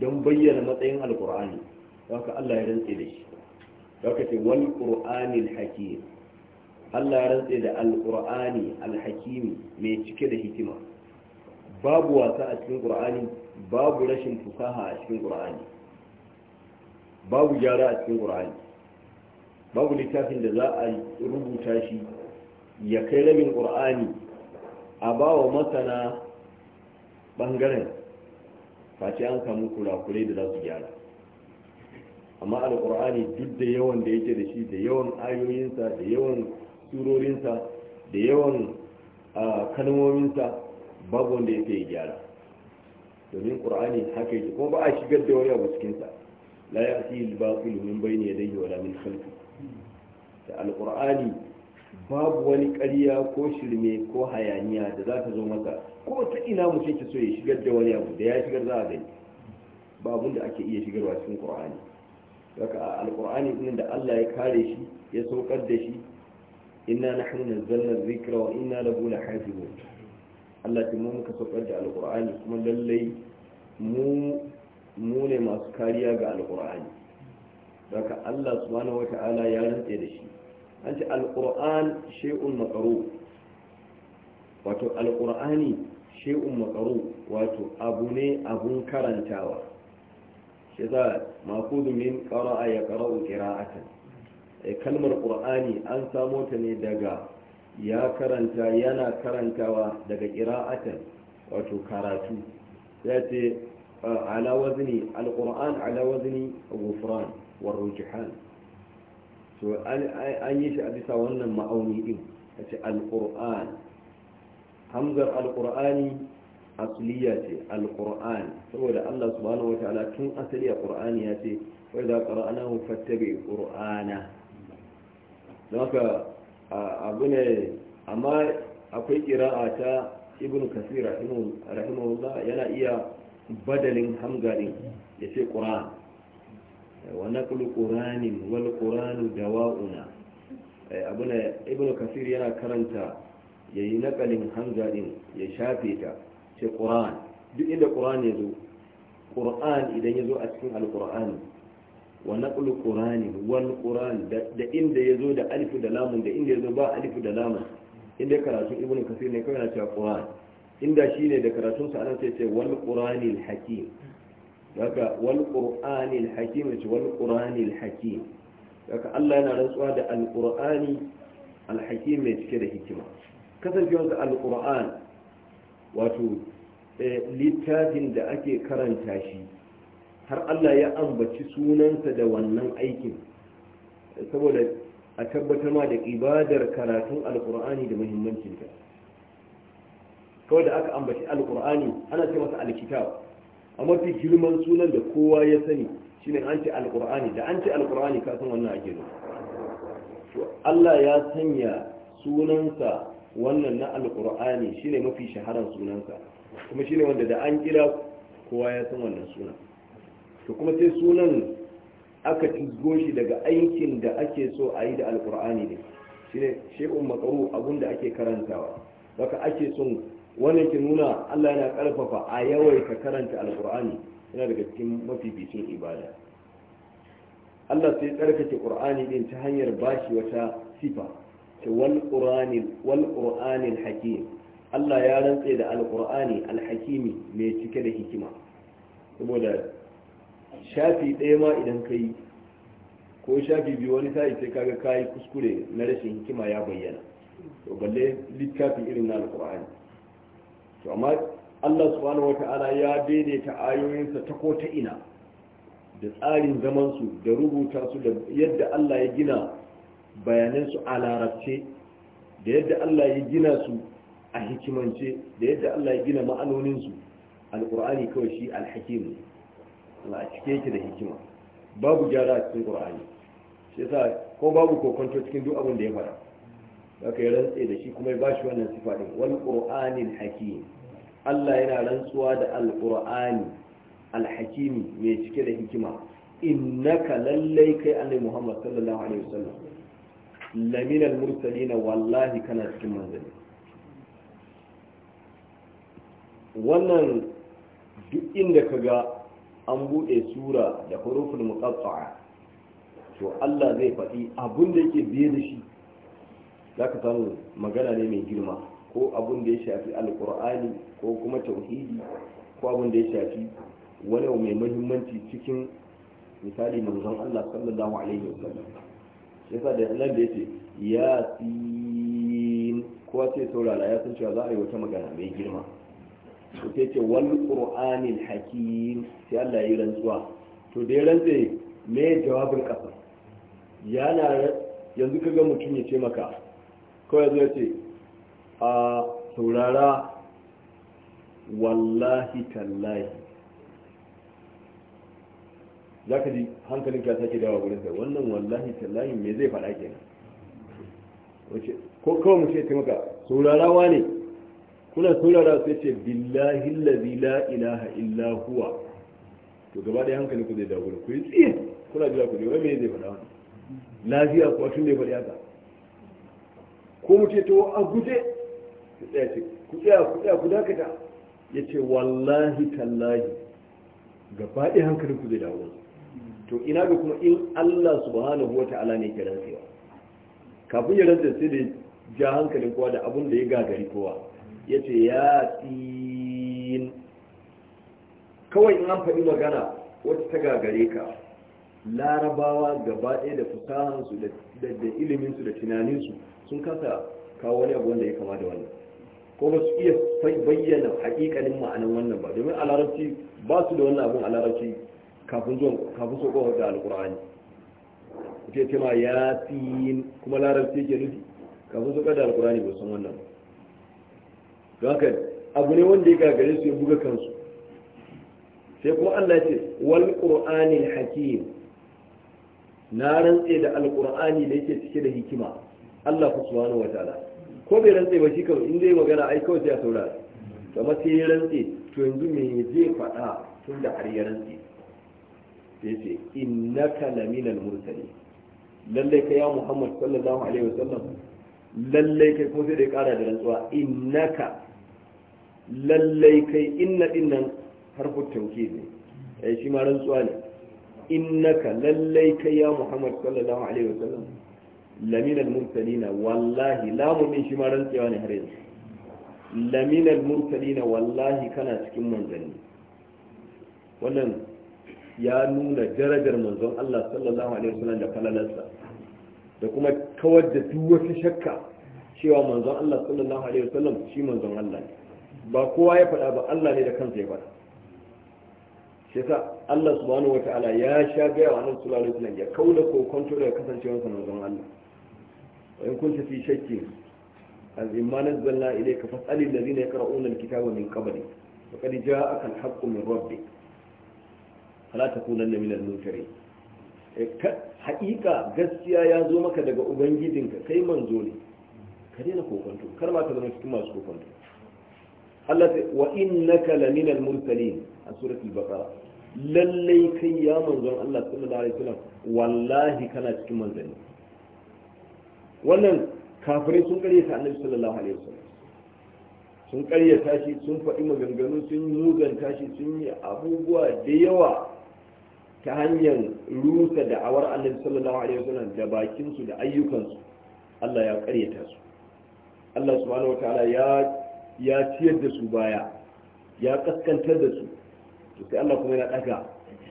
don bayyana matsayin alqur'ani haka Allah ya rantse da shi lokacin wal qur'anil hakim Allah ya rantse da al-ƙur'ani al alhakimi mai cike da hikima babu wasa a cikin qur'ani babu rashin fusaha a cikin qur'ani babu gyara a cikin qur'ani babu littafin da za a rubuta shi ya kai rabin qur'ani a bawa masana bangaren face an samu kurakurai da za su gyara amma alkur'ani duk da yawan da yake da shi da yawan ayoyinsa da yawan surorinsa da yawan kalmominsa babu wanda ya yi gyara domin qur'ani haka yake kuma ba a shigar da wani abu cikinsa la ya ya'ti al-batil bai ne dai yawa min khalfi da alkur'ani babu wani ƙarya ko shirme ko hayaniya da za ta zo masa ko ta ina mutum ke so ya shigar da wani abu da ya shigar za a gani ba abun da ake iya shigarwa cikin ƙur'ani. daga alkur'ani din da Allah ya kare shi ya saukar da shi inna nahnu nazzalna dhikra wa inna lahu lahafizun Allah ta mu muka saukar da alkur'ani kuma lallai mu mu ne masu kariya ga alkur'ani daga Allah subhanahu wata'ala ya rantse da shi an ce alkur'an shay'un maqru wato alkur'ani shay'un maqru wato abu ne abun karantawa shi za makudu min qara'a ya qara'u qira'atan eh, kalmar qur'ani an samo ta ne daga ya karanta yana karantawa daga qira'atan wato karatu ya ce ala wazni alquran ala wazni ghufran war rujihan to an yi shi a bisa wannan ma'auni din ya ce alquran hamzar alqurani asliya ce alkur'ani saboda Allah subhanahu wataala tun asali a qur'ani ya ce wa idza qara'nahu fattabi qur'ana don haka abu ne amma akwai kira'a ta ibn kasir rahimahullah yana iya badalin hamgarin ya ce qur'an wa naqlu qur'anin wal qur'anu dawa'una eh, abu ne ibn kasir yana karanta yayi naqalin hamgarin ya shafe ta ce ƙura'an duk inda ƙura'an ya zo ƙura'an idan ya zo a cikin alƙura'an wa naƙulu ƙura'ani wal ƙura'an da inda ya zo da alifu da lamun da inda ya zo ba alifu da lamun inda karatu ibnu kasir ne kawai na cewa ƙura'an inda shi ne da karatun sa ana sai ce wal ƙura'ani hakim daga wal ƙura'ani hakim ce wal ƙura'ani hakim daga Allah yana rantsuwa da alƙura'ani alhakim mai cike da hikima kasancewarsa alƙura'an wato eh, littafin da ake karanta shi har Allah ya ambaci sunansa da wannan aikin saboda a tabbatar ma da ibadar karatun alkur'ani da muhimmancinta kawai da aka ambaci alkur'ani ana ce masa alkitab a mafi girman sunan da kowa ya sani shine an ce alkur'ani da an ce alkur'ani ka wannan ake to Allah ya sanya sunansa wannan na alkur'ani shine mafi shaharar sunansa kuma shine wanda da an kira kowa ya san wannan suna to kuma sai sunan aka tizgo shi daga aikin da ake so a yi da alkur'ani ne shine shekun makaru abun da ake karantawa baka ake son wannan ke nuna Allah yana karfafa a yawaita karanta alkur'ani yana daga cikin mafificin ibada Allah sai tsarkake qur'ani din ta hanyar bashi wata sifa ce wal qur'anil hakim Allah ya rantse da alqur'ani alhakimi mai cike da hikima saboda shafi ɗaya ma idan ka yi ko shafi biyu wani sa'i sai kaga ka yi kuskure na rashin hikima ya bayyana to balle littafi irin na alqur'ani to amma Allah subhanahu wata'ala ya daidaita ayoyinsa ta ko ta ina da tsarin zamansu da rubuta su da yadda Allah ya gina su a larabce da yadda Allah ya gina su a hikimance da yadda Allah ya gina ma'anoninsu ƙurani kawai shi alhakim Allah a cike yake da hikima babu gyara a cikin ƙur'ani shi yasa ko babu kokonto cikin duk abin da ya fara haka ya rantse da shi kuma ya bashi wannan sifa din wal qur'anil hakim Allah yana rantsuwa da alqur'ani alhakimi mai cike da hikima innaka lallai kai annabi Muhammad sallallahu alaihi wasallam laminal mursalina wallahi kana cikin manzanni wannan duk inda ka ga an buɗe sura da hurufin muqatta'a to Allah zai faɗi abunda da yake biye da shi zaka samu magana ne mai girma ko abun da ya shafi alkur'ani ko kuma tauhidi ko abun da ya shafi wani mai muhimmanci cikin misali manzon Allah sallallahu alaihi wasallam yasa da nan da yace yasin kowa sai saurara ya san cewa za a yi wata magana mai girma to sai ce wal qur'anil hakim sai Allah ya yi rantsuwa to da ya rantse me jawabin kasa yana yanzu kaga mutum ya ce maka kawai zai ce a saurara wallahi tallahi za ka ji hankalin ka sake dawa gurin sa wannan wallahi tallahi me zai faɗa kenan wace ko kawai mu ce ta maka saurarawa ne kuna saurara sai ce billahi allazi la ilaha illa huwa to gaba da hankali ku zai dawo gurin ku yi tsiye kuna jira ku je wai me zai faɗa wani lafiya kuwa tun da ya faɗi haka ko mu ce to a guje ku tsaya ce ku tsaya ku tsaya ku dakata ya ce wallahi tallahi gaba ɗaya hankalin ku zai dawo gurin to ina ga kuma in Allah subhanahu ta'ala ne ke rantsewa kafin ya rantsa sai da ja hankalin kowa da abin da ya gagari kowa ya ce ya tsin kawai in an faɗi magana wata ta gagare ka larabawa gaba ɗaya da fasahansu da iliminsu da tunaninsu sun kasa kawo wani abu wanda ya kama da wannan ko ba su iya bayyana haƙiƙanin ma'anin wannan ba domin a larabci ba su da wannan abun a kafin saukowar da alkur'ani ita ce ma ya fi kuma larabci ke nufi kafin saukar da alkur'ani ba san wannan don haka abu ne wanda ya gagare su ya buga kansu sai kuma allah ce wal qur'anil hakim na rantse da alkur'ani da yake cike da hikima allah ku subhanahu wa ta'ala ko bai rantse ba shi kawai in zai magana ai kawai sai a saurara kamar sai ya rantse to yanzu me zai faɗa tun da har ya rantse sai ce innaka laminal mursali lalle kai ya muhammad sallallahu alaihi wasallam lalle kai ko sai dai kara da rantsuwa innaka lalle kai inna din nan harfu tauke ne eh shi ma rantsuwa ne innaka lalle kai ya muhammad sallallahu alaihi wasallam laminal mursalina wallahi lamu min shi ma rantsuwa ne har yanzu laminal mursalina wallahi kana cikin manzanni wannan ya nuna darajar manzon Allah sallallahu alaihi wasallam da falalarsa da kuma kawar da duk wata shakka cewa manzon Allah sallallahu alaihi wasallam shi manzon Allah ne ba kowa ya faɗa ba Allah ne da kansa ya faɗa shi yasa Allah subhanahu wataala ya sha gaya wa annabi sallallahu alaihi wasallam ya kauda ko kwanto daga kasancewar sa manzon Allah wa in kunta fi shakki an imma nazzalna ilayka fas'alil ladina yaqra'una alkitaba min qablik faqad ja'aka alhaqqu min rabbik fala takunanna minal mumtarin eh, haƙiƙa gaskiya ya zo maka daga ubangijinka kai manzo ne ka daina kokonto kar ma ka zama cikin masu kokonto Allah ta wa innaka laminal mursalin a suratul baqara lallai kai ya manzon Allah sallallahu alaihi wasallam wallahi kana cikin manzanni wannan kafirai sun karyata annabi sallallahu alaihi wasallam sun karyata shi sun faɗi maganganu sun muganta shi sun yi abubuwa da yawa ta hanyar rusa da'awar annabi sallallahu alaihi wasallam da bakinsu da ayyukansu Allah ya karyata su Allah subhanahu wataala ya ya ciyar da su baya ya kaskantar da su to sai Allah kuma yana daga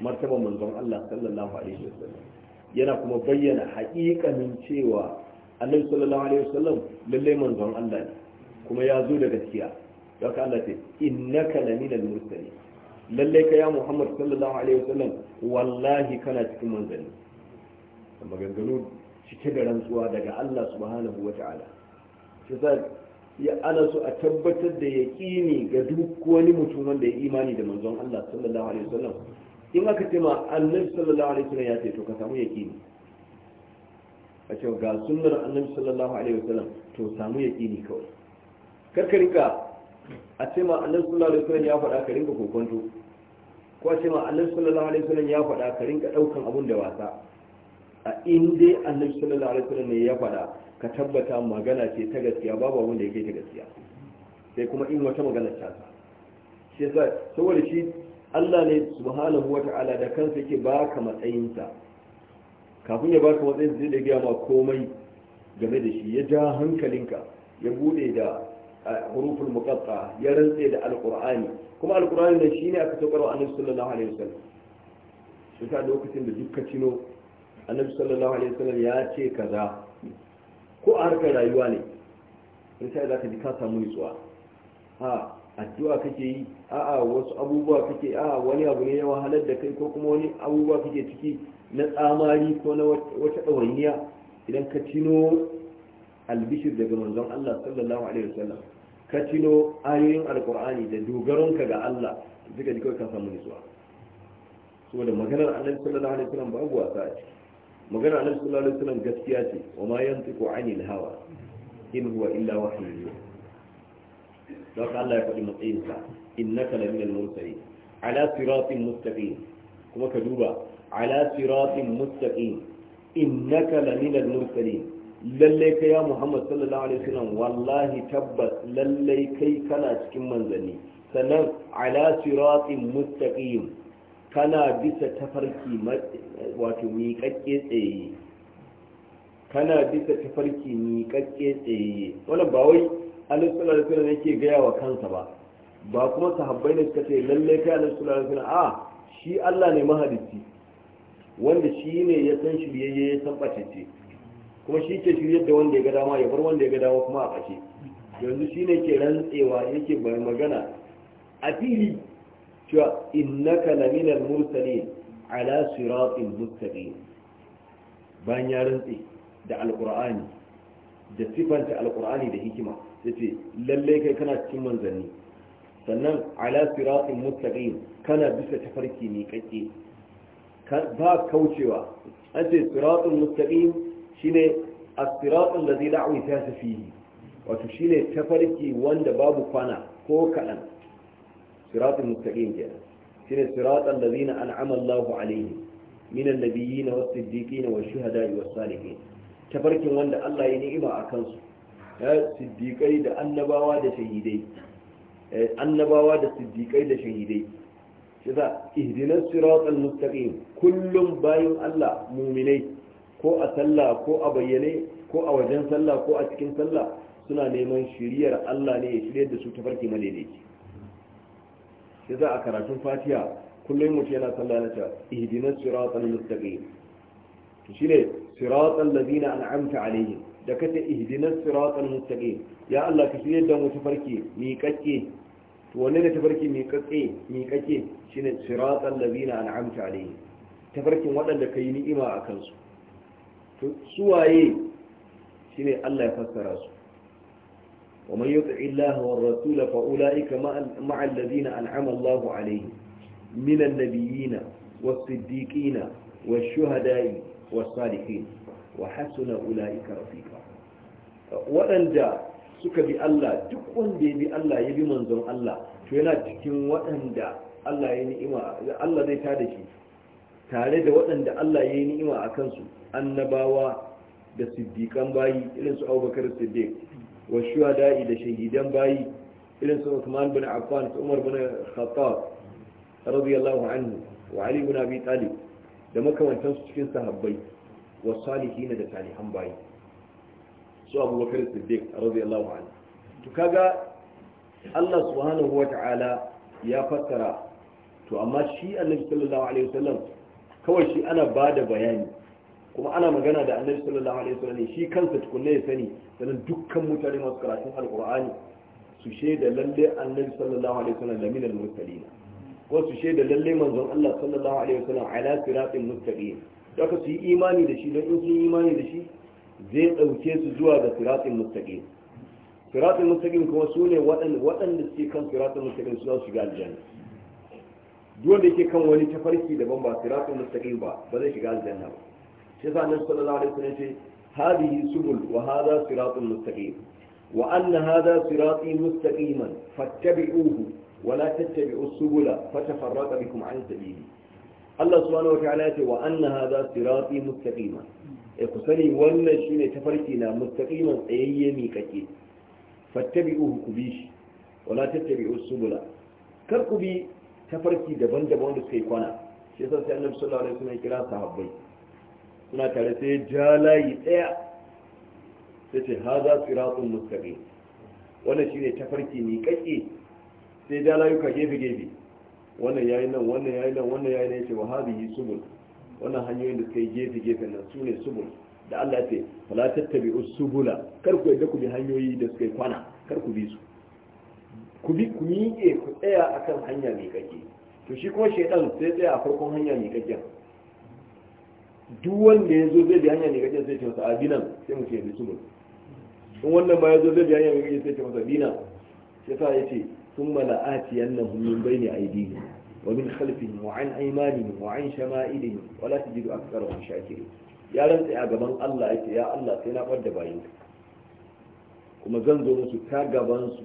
martaban manzon Allah sallallahu alaihi wasallam yana kuma bayyana haƙiƙanin cewa annabi sallallahu alaihi wasallam lalle manzon Allah ne kuma ya zo da gaskiya don ka Allah ce innaka laminal mursalin Lallai ka ya muhammad sallallahu alaihi wasallam wallahi kana cikin manzanni maganganu cike da rantsuwa daga Allah subhanahu wa ta'ala shi sa ya ana so a tabbatar da yaƙini ga duk wani mutum wanda ya imani da manzon Allah sallallahu alaihi wasallam in aka ce ma annabi sallallahu alaihi wasallam ya ce to ka samu yaƙini a ce ga sunnar annabi sallallahu alaihi wasallam to samu yaƙini kawai Kar ka rika a ce ma annabi sallallahu alaihi wasallam ya faɗa ka rinka kokonto ko a ce ma annabi sallallahu alaihi wasallam ya faɗa ka rinka ɗaukan abun da wasa a in dai annabi sallallahu alaihi wasallam ne ya faɗa ka tabbata magana ce ta gaskiya babu abun da yake ta gaskiya sai kuma in wata magana ta sa shi yasa saboda shi Allah ne subhanahu wata'ala da kansa yake baka matsayinsa kafin ya baka matsayin zai da gaya ma komai game da shi ya ja hankalinka ya bude da huruful muqatta ya rantse da alqur'ani kuma alqur'ani ne shine aka saukar wa annabi sallallahu alaihi wasallam shi ta lokacin da dukka cino annabi sallallahu alaihi wasallam ya ce kaza ko a harkar rayuwa ne in sai za ka ji ka samu nutsuwa ha addu'a kake yi a'a wasu abubuwa kake a'a wani abu ne ya wahalar da kai ko kuma wani abubuwa kake ciki na tsamari ko na wata ɗawainiya idan ka cino albishir daga manzon Allah sallallahu alaihi wasallam ka tilo ayoyin alkur'ani da dogaronka ga Allah duka ji kawai ka samu nutsuwa saboda maganar annabi sallallahu alaihi wasallam babu wasa a ciki maganar annabi sallallahu alaihi wasallam gaskiya ce wa ma yantiqu anil hawa in huwa illa wahyu yuha don Allah ya faɗi matsayinsa innaka la minal mursalin ala siratin mustaqim kuma ka duba ala siratin mustaqim innaka la minal mursalin lallai kai ya muhammad sallallahu alaihi wasallam wallahi tabbas lallai kai kana cikin manzanni sannan ala siratin mustaqim kana bisa tafarki wato miƙaƙƙe tsaye kana bisa tafarki miƙaƙƙe tsaye wannan ba wai alaihi sallallahu alaihi wasallam yake gaya wa kansa ba ba kuma sahabbai ne suka ce lallai kai alaihi sallallahu alaihi wasallam a ah, shi Allah ne mahadisi wanda shi ne ya san shiryayye ya san ɓacece kuma shi ke shiryar da wanda ya ga dama ya bar wanda ya ga dama kuma a kashe. yanzu shi ne ke rantsewa yake bai magana a fili cewa innaka laminal mursalin ala siratin mustaqim bayan ya rantse da alqur'ani da sifanta alqur'ani da hikima yace lalle kai kana cikin manzanni sannan ala siratin mustaqim kana bisa tafarki ne kake ba kaucewa an ce siratin mustaqim shine as-siratul ladzi la awita fihi wato shine tafarki wanda babu kwana ko kadan siratul mustaqim kenan shine da siratul lahu an'ama Allahu alaihim min an wasu was na wasu shuhadai wasu salihi tafarkin wanda Allah ya ni'ima akan su siddiqai da annabawa da shahidai annabawa da siddiqai da shahidai shi za ihdinas siratal mustaqim kullum bayan Allah mu'minai ko a sallah ko a bayyane ko a wajen sallah ko a cikin sallah suna neman shiriyar Allah ne ya shiryar da su ta farki madaidaici sai za a karatun fatiha kullum mutum yana sallah na ta ihdinas siratal mustaqim to shine siratal ladina an'amta alaihim da kace ihdinas siratal mustaqim ya Allah ka shirye da mu tafarki mi kakke to wanne ne tafarki mi kakke mi kakke shine siratal ladina an'amta alaihim tafarkin waɗanda ka kai ni'ima a kansu to suwaye shine Allah ya fassara su ومن يطع الله والرسول فأولئك مع الذين أنعم الله عليهم من النبيين والصديقين والشهداء والصالحين وحسن أولئك رفيقا waɗanda suka bi Allah duk wanda ya bi Allah ya bi manzon Allah to yana cikin waɗanda Allah ya ni'ima Allah zai tada shi tare da waɗanda Allah ya yi ni'ima a kansu annabawa da siddiƙan bayi irin su abubakar siddiq wa shuhada'i da shahidan bayi irin su Uthman bin Affan Umar bin Khattab radiyallahu anhu wa Ali bin Abi Talib da makamantan su cikin sahabbai wa salihin da salihan bayi su Abubakar Siddiq radiyallahu anhu to kaga Allah subhanahu ta'ala ya fassara to amma shi Annabi sallallahu alaihi wasallam kawai shi ana ba da bayani kuma ana magana da annabi sallallahu alaihi wasallam shi kansa tukunne ya sani sanan dukkan mutane masu karatun alqur'ani su shaida lalle annabi sallallahu alaihi wasallam da minal mursalin ko su shaida lalle manzon Allah sallallahu alaihi wasallam ala siratin mustaqim daga su yi imani da shi don in sun imani da shi zai dauke su zuwa ga siratin mustaqim siratin mustaqim kuma su ne waɗanda suke kan siratin mustaqim su za su shiga aljanna wanda yake kan wani tafarki daban ba siratul mustaqim ba ba zai shiga aljanna ba shi yasa annabi sallallahu alaihi wasallam ce hadhihi subul wa hadha siratul mustaqim wa anna hadha sirati mustaqiman fattabi'uhu wa la tattabi'us subula fatafarraqa bikum an sabili Allah subhanahu wa ta'ala ce wa anna hadha sirati mustaqiman e ku sani wannan shine tafarki na mustaqiman tsayayye mi kake fattabi'uhu ku bi shi wa la tattabi'us subula kar ku bi tafarki daban-daban wanda suka yi kwana shi yasa sai annabi sallallahu alaihi wasallam ya kira sahabbai suna tare sai ja daya sai ce hada siratun mustaqim wannan shine tafarki ni kake sai jalayu ka gefe gefe wannan yayin nan wannan yayin nan wannan yayin nan yace wa hadhihi subul wannan hanyoyin da suka yi gefe gefe nan sune subul da Allah ya ce fala tattabi'us subula kar ku yadda ku bi hanyoyi da suka yi kwana kar ku bi su ku bi ku miƙe ku tsaya akan hanya mai kake to shi kuma shaidan sai tsaya a farkon hanya mai kake duk wanda ya zo zai bi hanya mai kake sai ce masa abinan sai mu ce bisu in wannan ba ya zo zai bi hanya mai kake sai ce masa bina sai sa ya ce sun bai ne a yi aydihim wa min khalfin, wa an aymanihim wa an shama'ilihim wa la tajidu aktharahum shakirin ya rantsa a gaban Allah ya ce ya Allah sai na fadda bayin kuma zan zo musu ta gaban su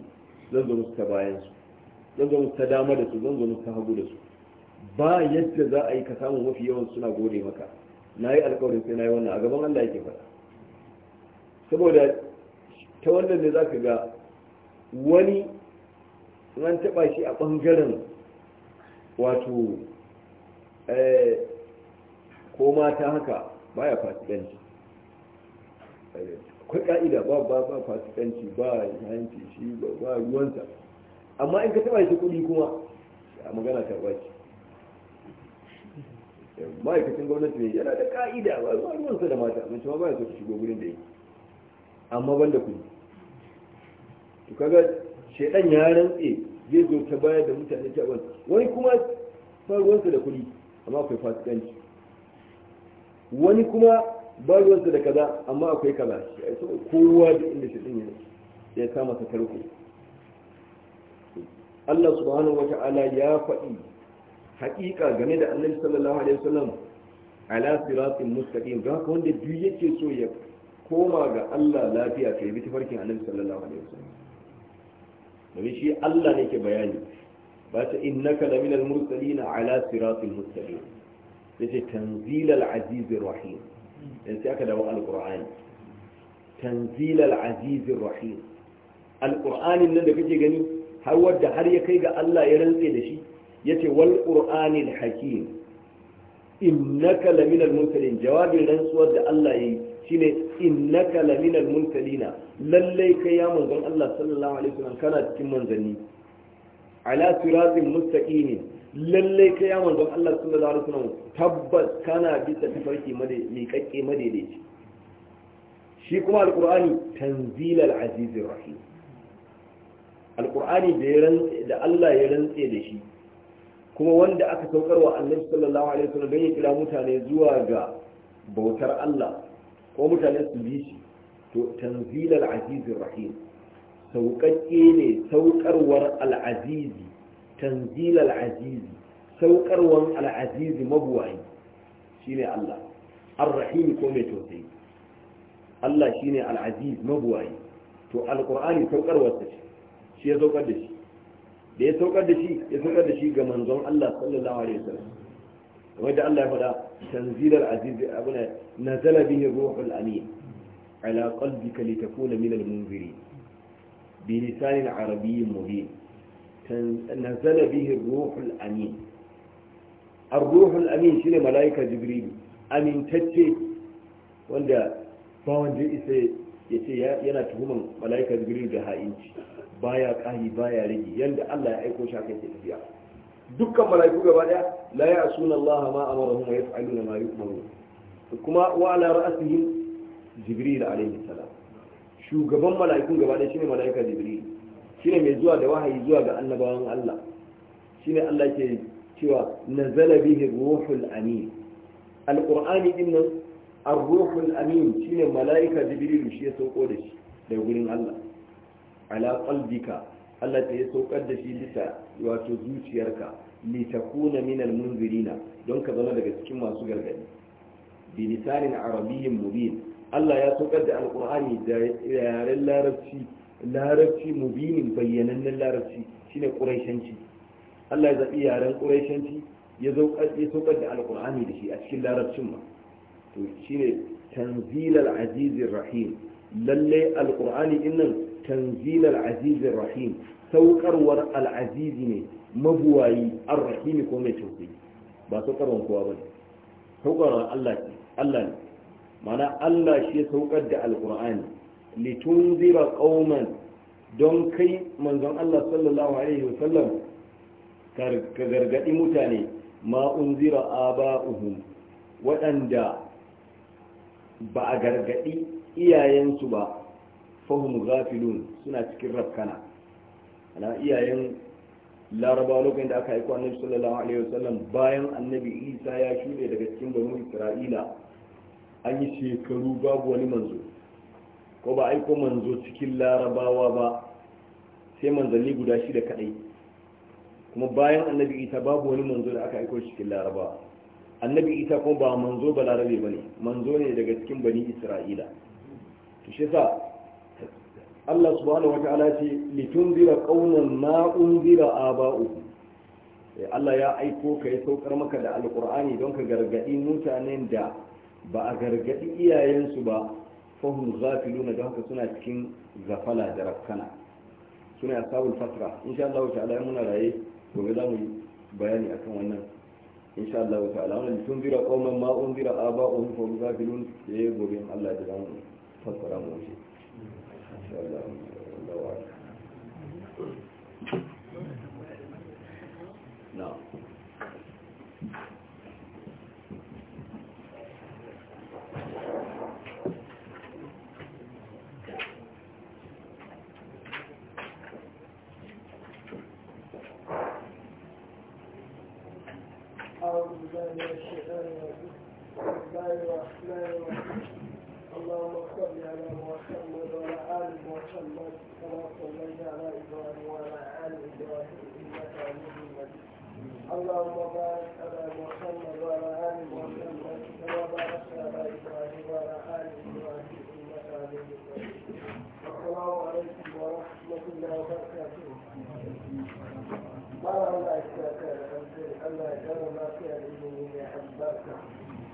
zan zo musu ta bayan su zan zo musu ta dama da su zan zo musu ta hagu da su ba yadda za a yi ka samu mafi yawan suna gode maka na yi alkawarin sai na yi wannan a gaban Allah yake faɗa saboda ta wannan ne za ka ga wani an taɓa shi a ɓangaren wato eh, ko mata haka baya fasikanci eh, akwai ka'ida ba ba ba fasikanci ba yanci shi ba ruwansa amma in ka taba shi kuɗi kuma a magana ta ba ce ma'aikacin gwamnati ne yana da ka'ida ba ruwansa da mata mace ma ba ya so ta shigo gurin da yi. amma ban da kuɗi to kaga shaidan ya rantse zai zo ta bayar da mutane ta wani wani kuma faruwansa da kuɗi amma akwai fasikanci wani kuma ba ruwansa da kaza amma akwai kaza shi a saboda kowa da inda shi din ya kama ta tarko Allah subhanahu wa ta'ala ya faɗi haƙiƙa game da annabi sallallahu alaihi wasallam ala siratin mustaqim ga haka wanda duk yake so ya koma ga Allah lafiya ta bi tafarkin annabi sallallahu alaihi wasallam domin shi Allah ne ke bayani ba ta innaka laminal mursalina ala siratin mustaqim yace tanzilal azizir rahim yanzu aka dawo alkur'ani tanzilal azizin rahim alkur'anin nan da kake gani har wadda har ya kai ga Allah ya rantse da shi yace wal qur'anil hakim innaka laminal mursalin jawabin rantsuwar da Allah yayi shine innaka laminal mursalina lallai kai ya manzon Allah sallallahu alaihi wasallam kana cikin manzanni ala siratin mustaqimin lalle kai ya manzon Allah sallallahu alaihi wasallam tabbas kana bisa tafarki mai kakke madaidaici shi kuma alqur'ani tanzilal azizir rahim alqur'ani da ya rantse da Allah ya rantse da shi kuma wanda aka saukar wa annabi sallallahu alaihi wasallam don ya kira mutane zuwa ga bautar Allah ko mutane su bi shi to tanzilal azizin rahim sauƙaƙe ne saukarwar al'azizi tanzil al-aziz saukarwan al-aziz mabuwai shine Allah ar-rahim ko mai Allah shine al-aziz mabuwai to al-qur'ani saukarwar ta ce shi ya saukar da shi da ya saukar da ya saukar da shi ga manzon Allah sallallahu alaihi wasallam kamar da Allah ya faɗa al min al بلسان عربي مبين nazala bihi ruhul amin ar-ruhul amin shine malaika jibril amintacce wanda ba wanda isa ce yana tuhuman malaika jibril da ha'inci baya kahi baya rage yanda Allah ya aiko shi ke tafiya dukkan malaiku gaba daya la ya'suna Allah ma amarahum wa yaf'aluna ma yu'marun kuma wa ala ra'sihim jibril alayhi salam shugaban malaikun gaba daya shine malaika jibril shine mai zuwa da wahayi zuwa ga annabawan Allah shine Allah ke cewa nazala bihi ruhul amin alqur'ani din nan ar-ruhul amin shine malaika jibril shi ya sauko da shi daga gurin Allah ala qalbika Allah ta ya saukar da shi bisa wato zuciyarka li takuna min al-munzirina don ka zama daga cikin masu gargadi bi lisanin arabiyyin mubin Allah ya saukar da alqur'ani da yaren larabci larabci mubinin bayyanannen larabci shine quraishanci Allah ya zabi yaren quraishanci ya saukar da alqur'ani da shi a cikin larabcin ma to shine tanzilal azizir rahim lalle alqur'ani nan tanzilal azizir rahim saukarwar al'azizi ne mabuwayi arrahimi ko mai tausayi ba saukarwar kowa ba ne saukarwar Allah ne Ma'ana Allah shi ya saukar da alqur'ani litunzira qauman don kai manzon Allah sallallahu alaihi wasallam ka gargadi mutane ma unzira aba'uhum waɗanda ba a gargadi iyayensu ba fahim gafilun suna cikin rafkana ana iyayen laraba lokacin da aka aiko annabi sallallahu alaihi wasallam bayan annabi isa ya shuɗe daga cikin banu isra'ila an yi shekaru babu wani manzo ko ba aiko manzo cikin larabawa ba sai manzanni guda shida kadai kuma bayan annabi isa babu wani manzo da aka aiko cikin larabawa annabi isa kuma ba manzo ba larabe ba ne manzo ne daga cikin bani isra'ila to shi sa Allah subhanahu wata'ala ce litunzira qauman ma unzira aba'uhum eh, Allah ya aiko ka ya saukar maka da alkur'ani don ka gargadi mutanen da ba a gargadi iyayensu ba fahim gafiluna da haka suna cikin gafala da rakkana suna ya sabon fatra insha Allah ta'ala ya muna raye gobe za mu yi bayani a kan wannan insha Allah ta'ala wani tun zira qauman ma un unzira aba'uhum fa gafilun yayi gobe Allah da zamu fassara mu shi insha Allah Allah الرحمن الرحيم اللهم صل على محمد وعلى آل محمد كما صليت على إبراهيم وعلى آل إبراهيم إنك حميد مجيد اللهم بارك على محمد وعلى آل محمد كما باركت على إبراهيم وعلى آل إبراهيم إنك حميد مجيد السلام عليكم ورحمة الله وبركاته ما الله يسلمك الله يكرمك يا ابني يا حبابك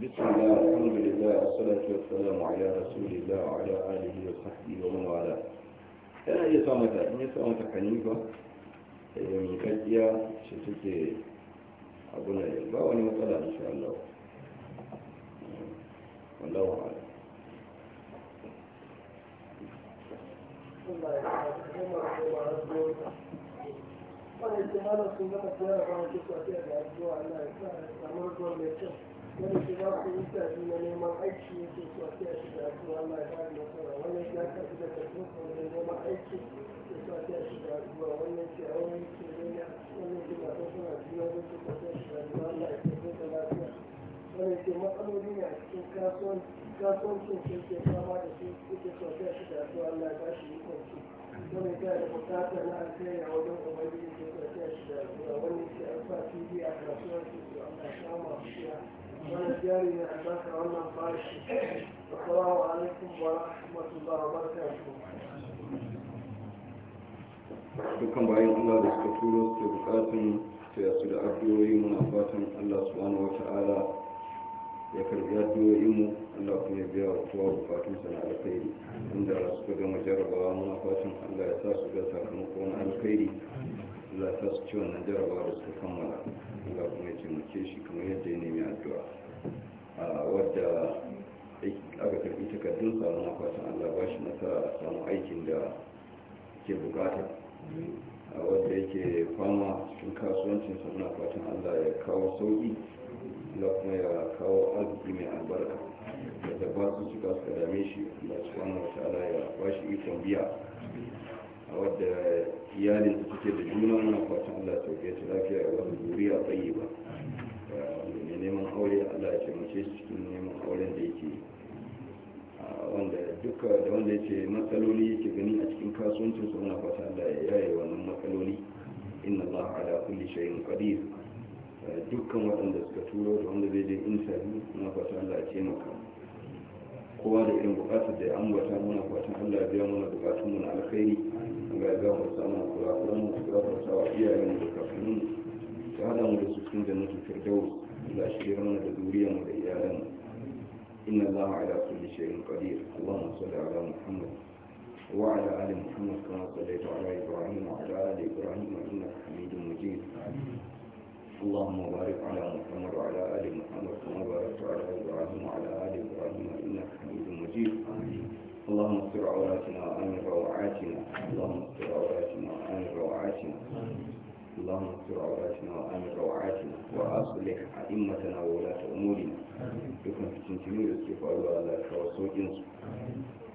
بسم الله الحمد لله والصلاة والسلام على رسول الله وعلى آله وصحبه ومن والاه أنا يا صامتة أنا يا صامتة حنيفة هي من كجية شتوتي أبونا يلقى وأنا مطلع إن شاء الله الله أعلم والله يا wani shiga ku mutane na neman aiki yake so sai a shiga su Allah ya bada nasara wannan ya karbi da karfin ku na neman aiki ya so sai a shiga su ba wannan ce a wani ce ne wannan ce masu suna juna ko ce sai a shiga su Allah ya karbi da lafiya wannan ce matsaloli ne a cikin kasuwancin kasuwancin ke fama da su kuke so sai a shiga su Allah ya bashi yi su wanda da bukatar na a wajen ubangiji ke kwanciya shi da zuwa wanda a jari ne a wannan da kawawa dukkan bayan Allah da suka turo su bukatun sai su da addu'o'i muna fatan Allah subhanahu wa ta'ala ya karbi addu'o'inmu Allah kuma ya biya wa kowa bukatun na alkhairi inda su gama jarabawa muna fatan Allah ya sa su ga sakamakon alkhairi Allah ya sa su ci wannan jarabawa da suka kammala Allah kuma ya taimake shi kamar yadda ya nemi addu'a a wadda aka karbi takardun sa muna fatan Allah ba shi nasara samu aikin da ke bukata a wadda yake fama cikin kasuwancinsa muna fatan Allah ya kawo sauki Allah kuma ya kawo arziki mai albarka da tabba su suka suka dame shi Allah subhanahu wa ta'ala ya ba shi ikon biya a wadda iyalin su suke da juna na fatan Allah ta ke su lafiya ya wata zuriya tsayi ba mai neman aure Allah ya taimake shi cikin neman auren da yake wanda duka da wanda ce matsaloli yake gani a cikin kasuwancin su muna fatan Allah ya yaye wannan matsaloli inna Allah ala kulli shay'in qadir dukkan waɗanda suka turo da wanda zai je intabi muna fata allah ya taimaka kowa da irin bukatar da ya ambata muna fatan allah ya biya mana bukatun mu na alkhairi ga ya gafarta mana kurakuran mu su gafarta wa iyayen mu da kakannin mu ta hada mu da su cikin jannatin firdaus allah shirya mana da zuriyar mu da iyalan mu إن الله على كل شيء قدير اللهم صل على محمد وعلى آل محمد ala صليت على إبراهيم وعلى آل إبراهيم إنك حميد مجيد اللهم بارك على محمد وعلى آل محمد كما باركت على إبراهيم وعلى آل إبراهيم إنك حميد مجيد اللهم استر عوراتنا وآمن روعاتنا اللهم استر عوراتنا وآمن روعاتنا اللهم استر عوراتنا وآمن روعاتنا وأصلح أئمتنا وولاة أمورنا يكون في تنتمي الاستغفار ولا توسوج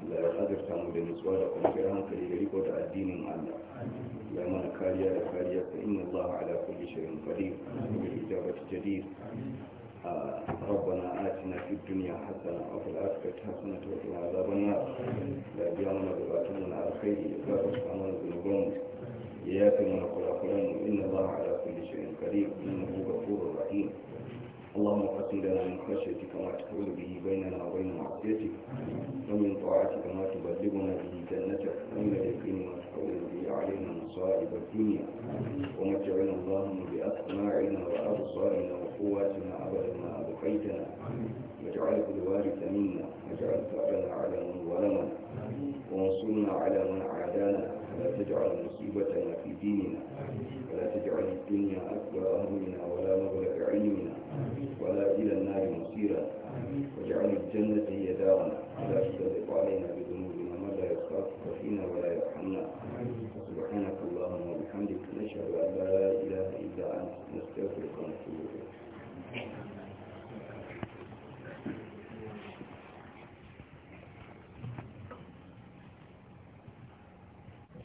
لا قدر تعمل بالنسبة لكم في رحمة لجريك ودع الدين الله يا من كاريا كاريا فإن الله على كل شيء قدير بالإجابة الجديد آه، ربنا آتنا في الدنيا حسنة وفي الآخرة حسنة وفي العذاب النار لا بيامنا بغاتمنا على خير لا تسقمنا بنظام إياكم ونقول إن الله على كل شيء قدير إنه غفور رحيم اللهم قسم لنا من خشيتك ما تحول به بيننا وبين معصيتك ومن طاعتك ما تبلغنا به جنتك ومن اليقين ما تحول علينا مصائب الدنيا ومتعنا اللهم بأسماعنا وأبصارنا وقواتنا أبدا ما أبقيتنا واجعله الوارث منا واجعل ثأرنا على من ظلمنا وانصرنا على من عادانا ولا تجعل مصيبتنا في ديننا ولا تجعل الدنيا أكبر همنا ولا مبلغ علمنا ولا إلى النار مصيرا واجعل الجنة هي دارنا ولا تسلط علينا بذنوبنا من لا يخافك فينا ولا يرحمنا سبحانك اللهم وبحمدك نشهد أن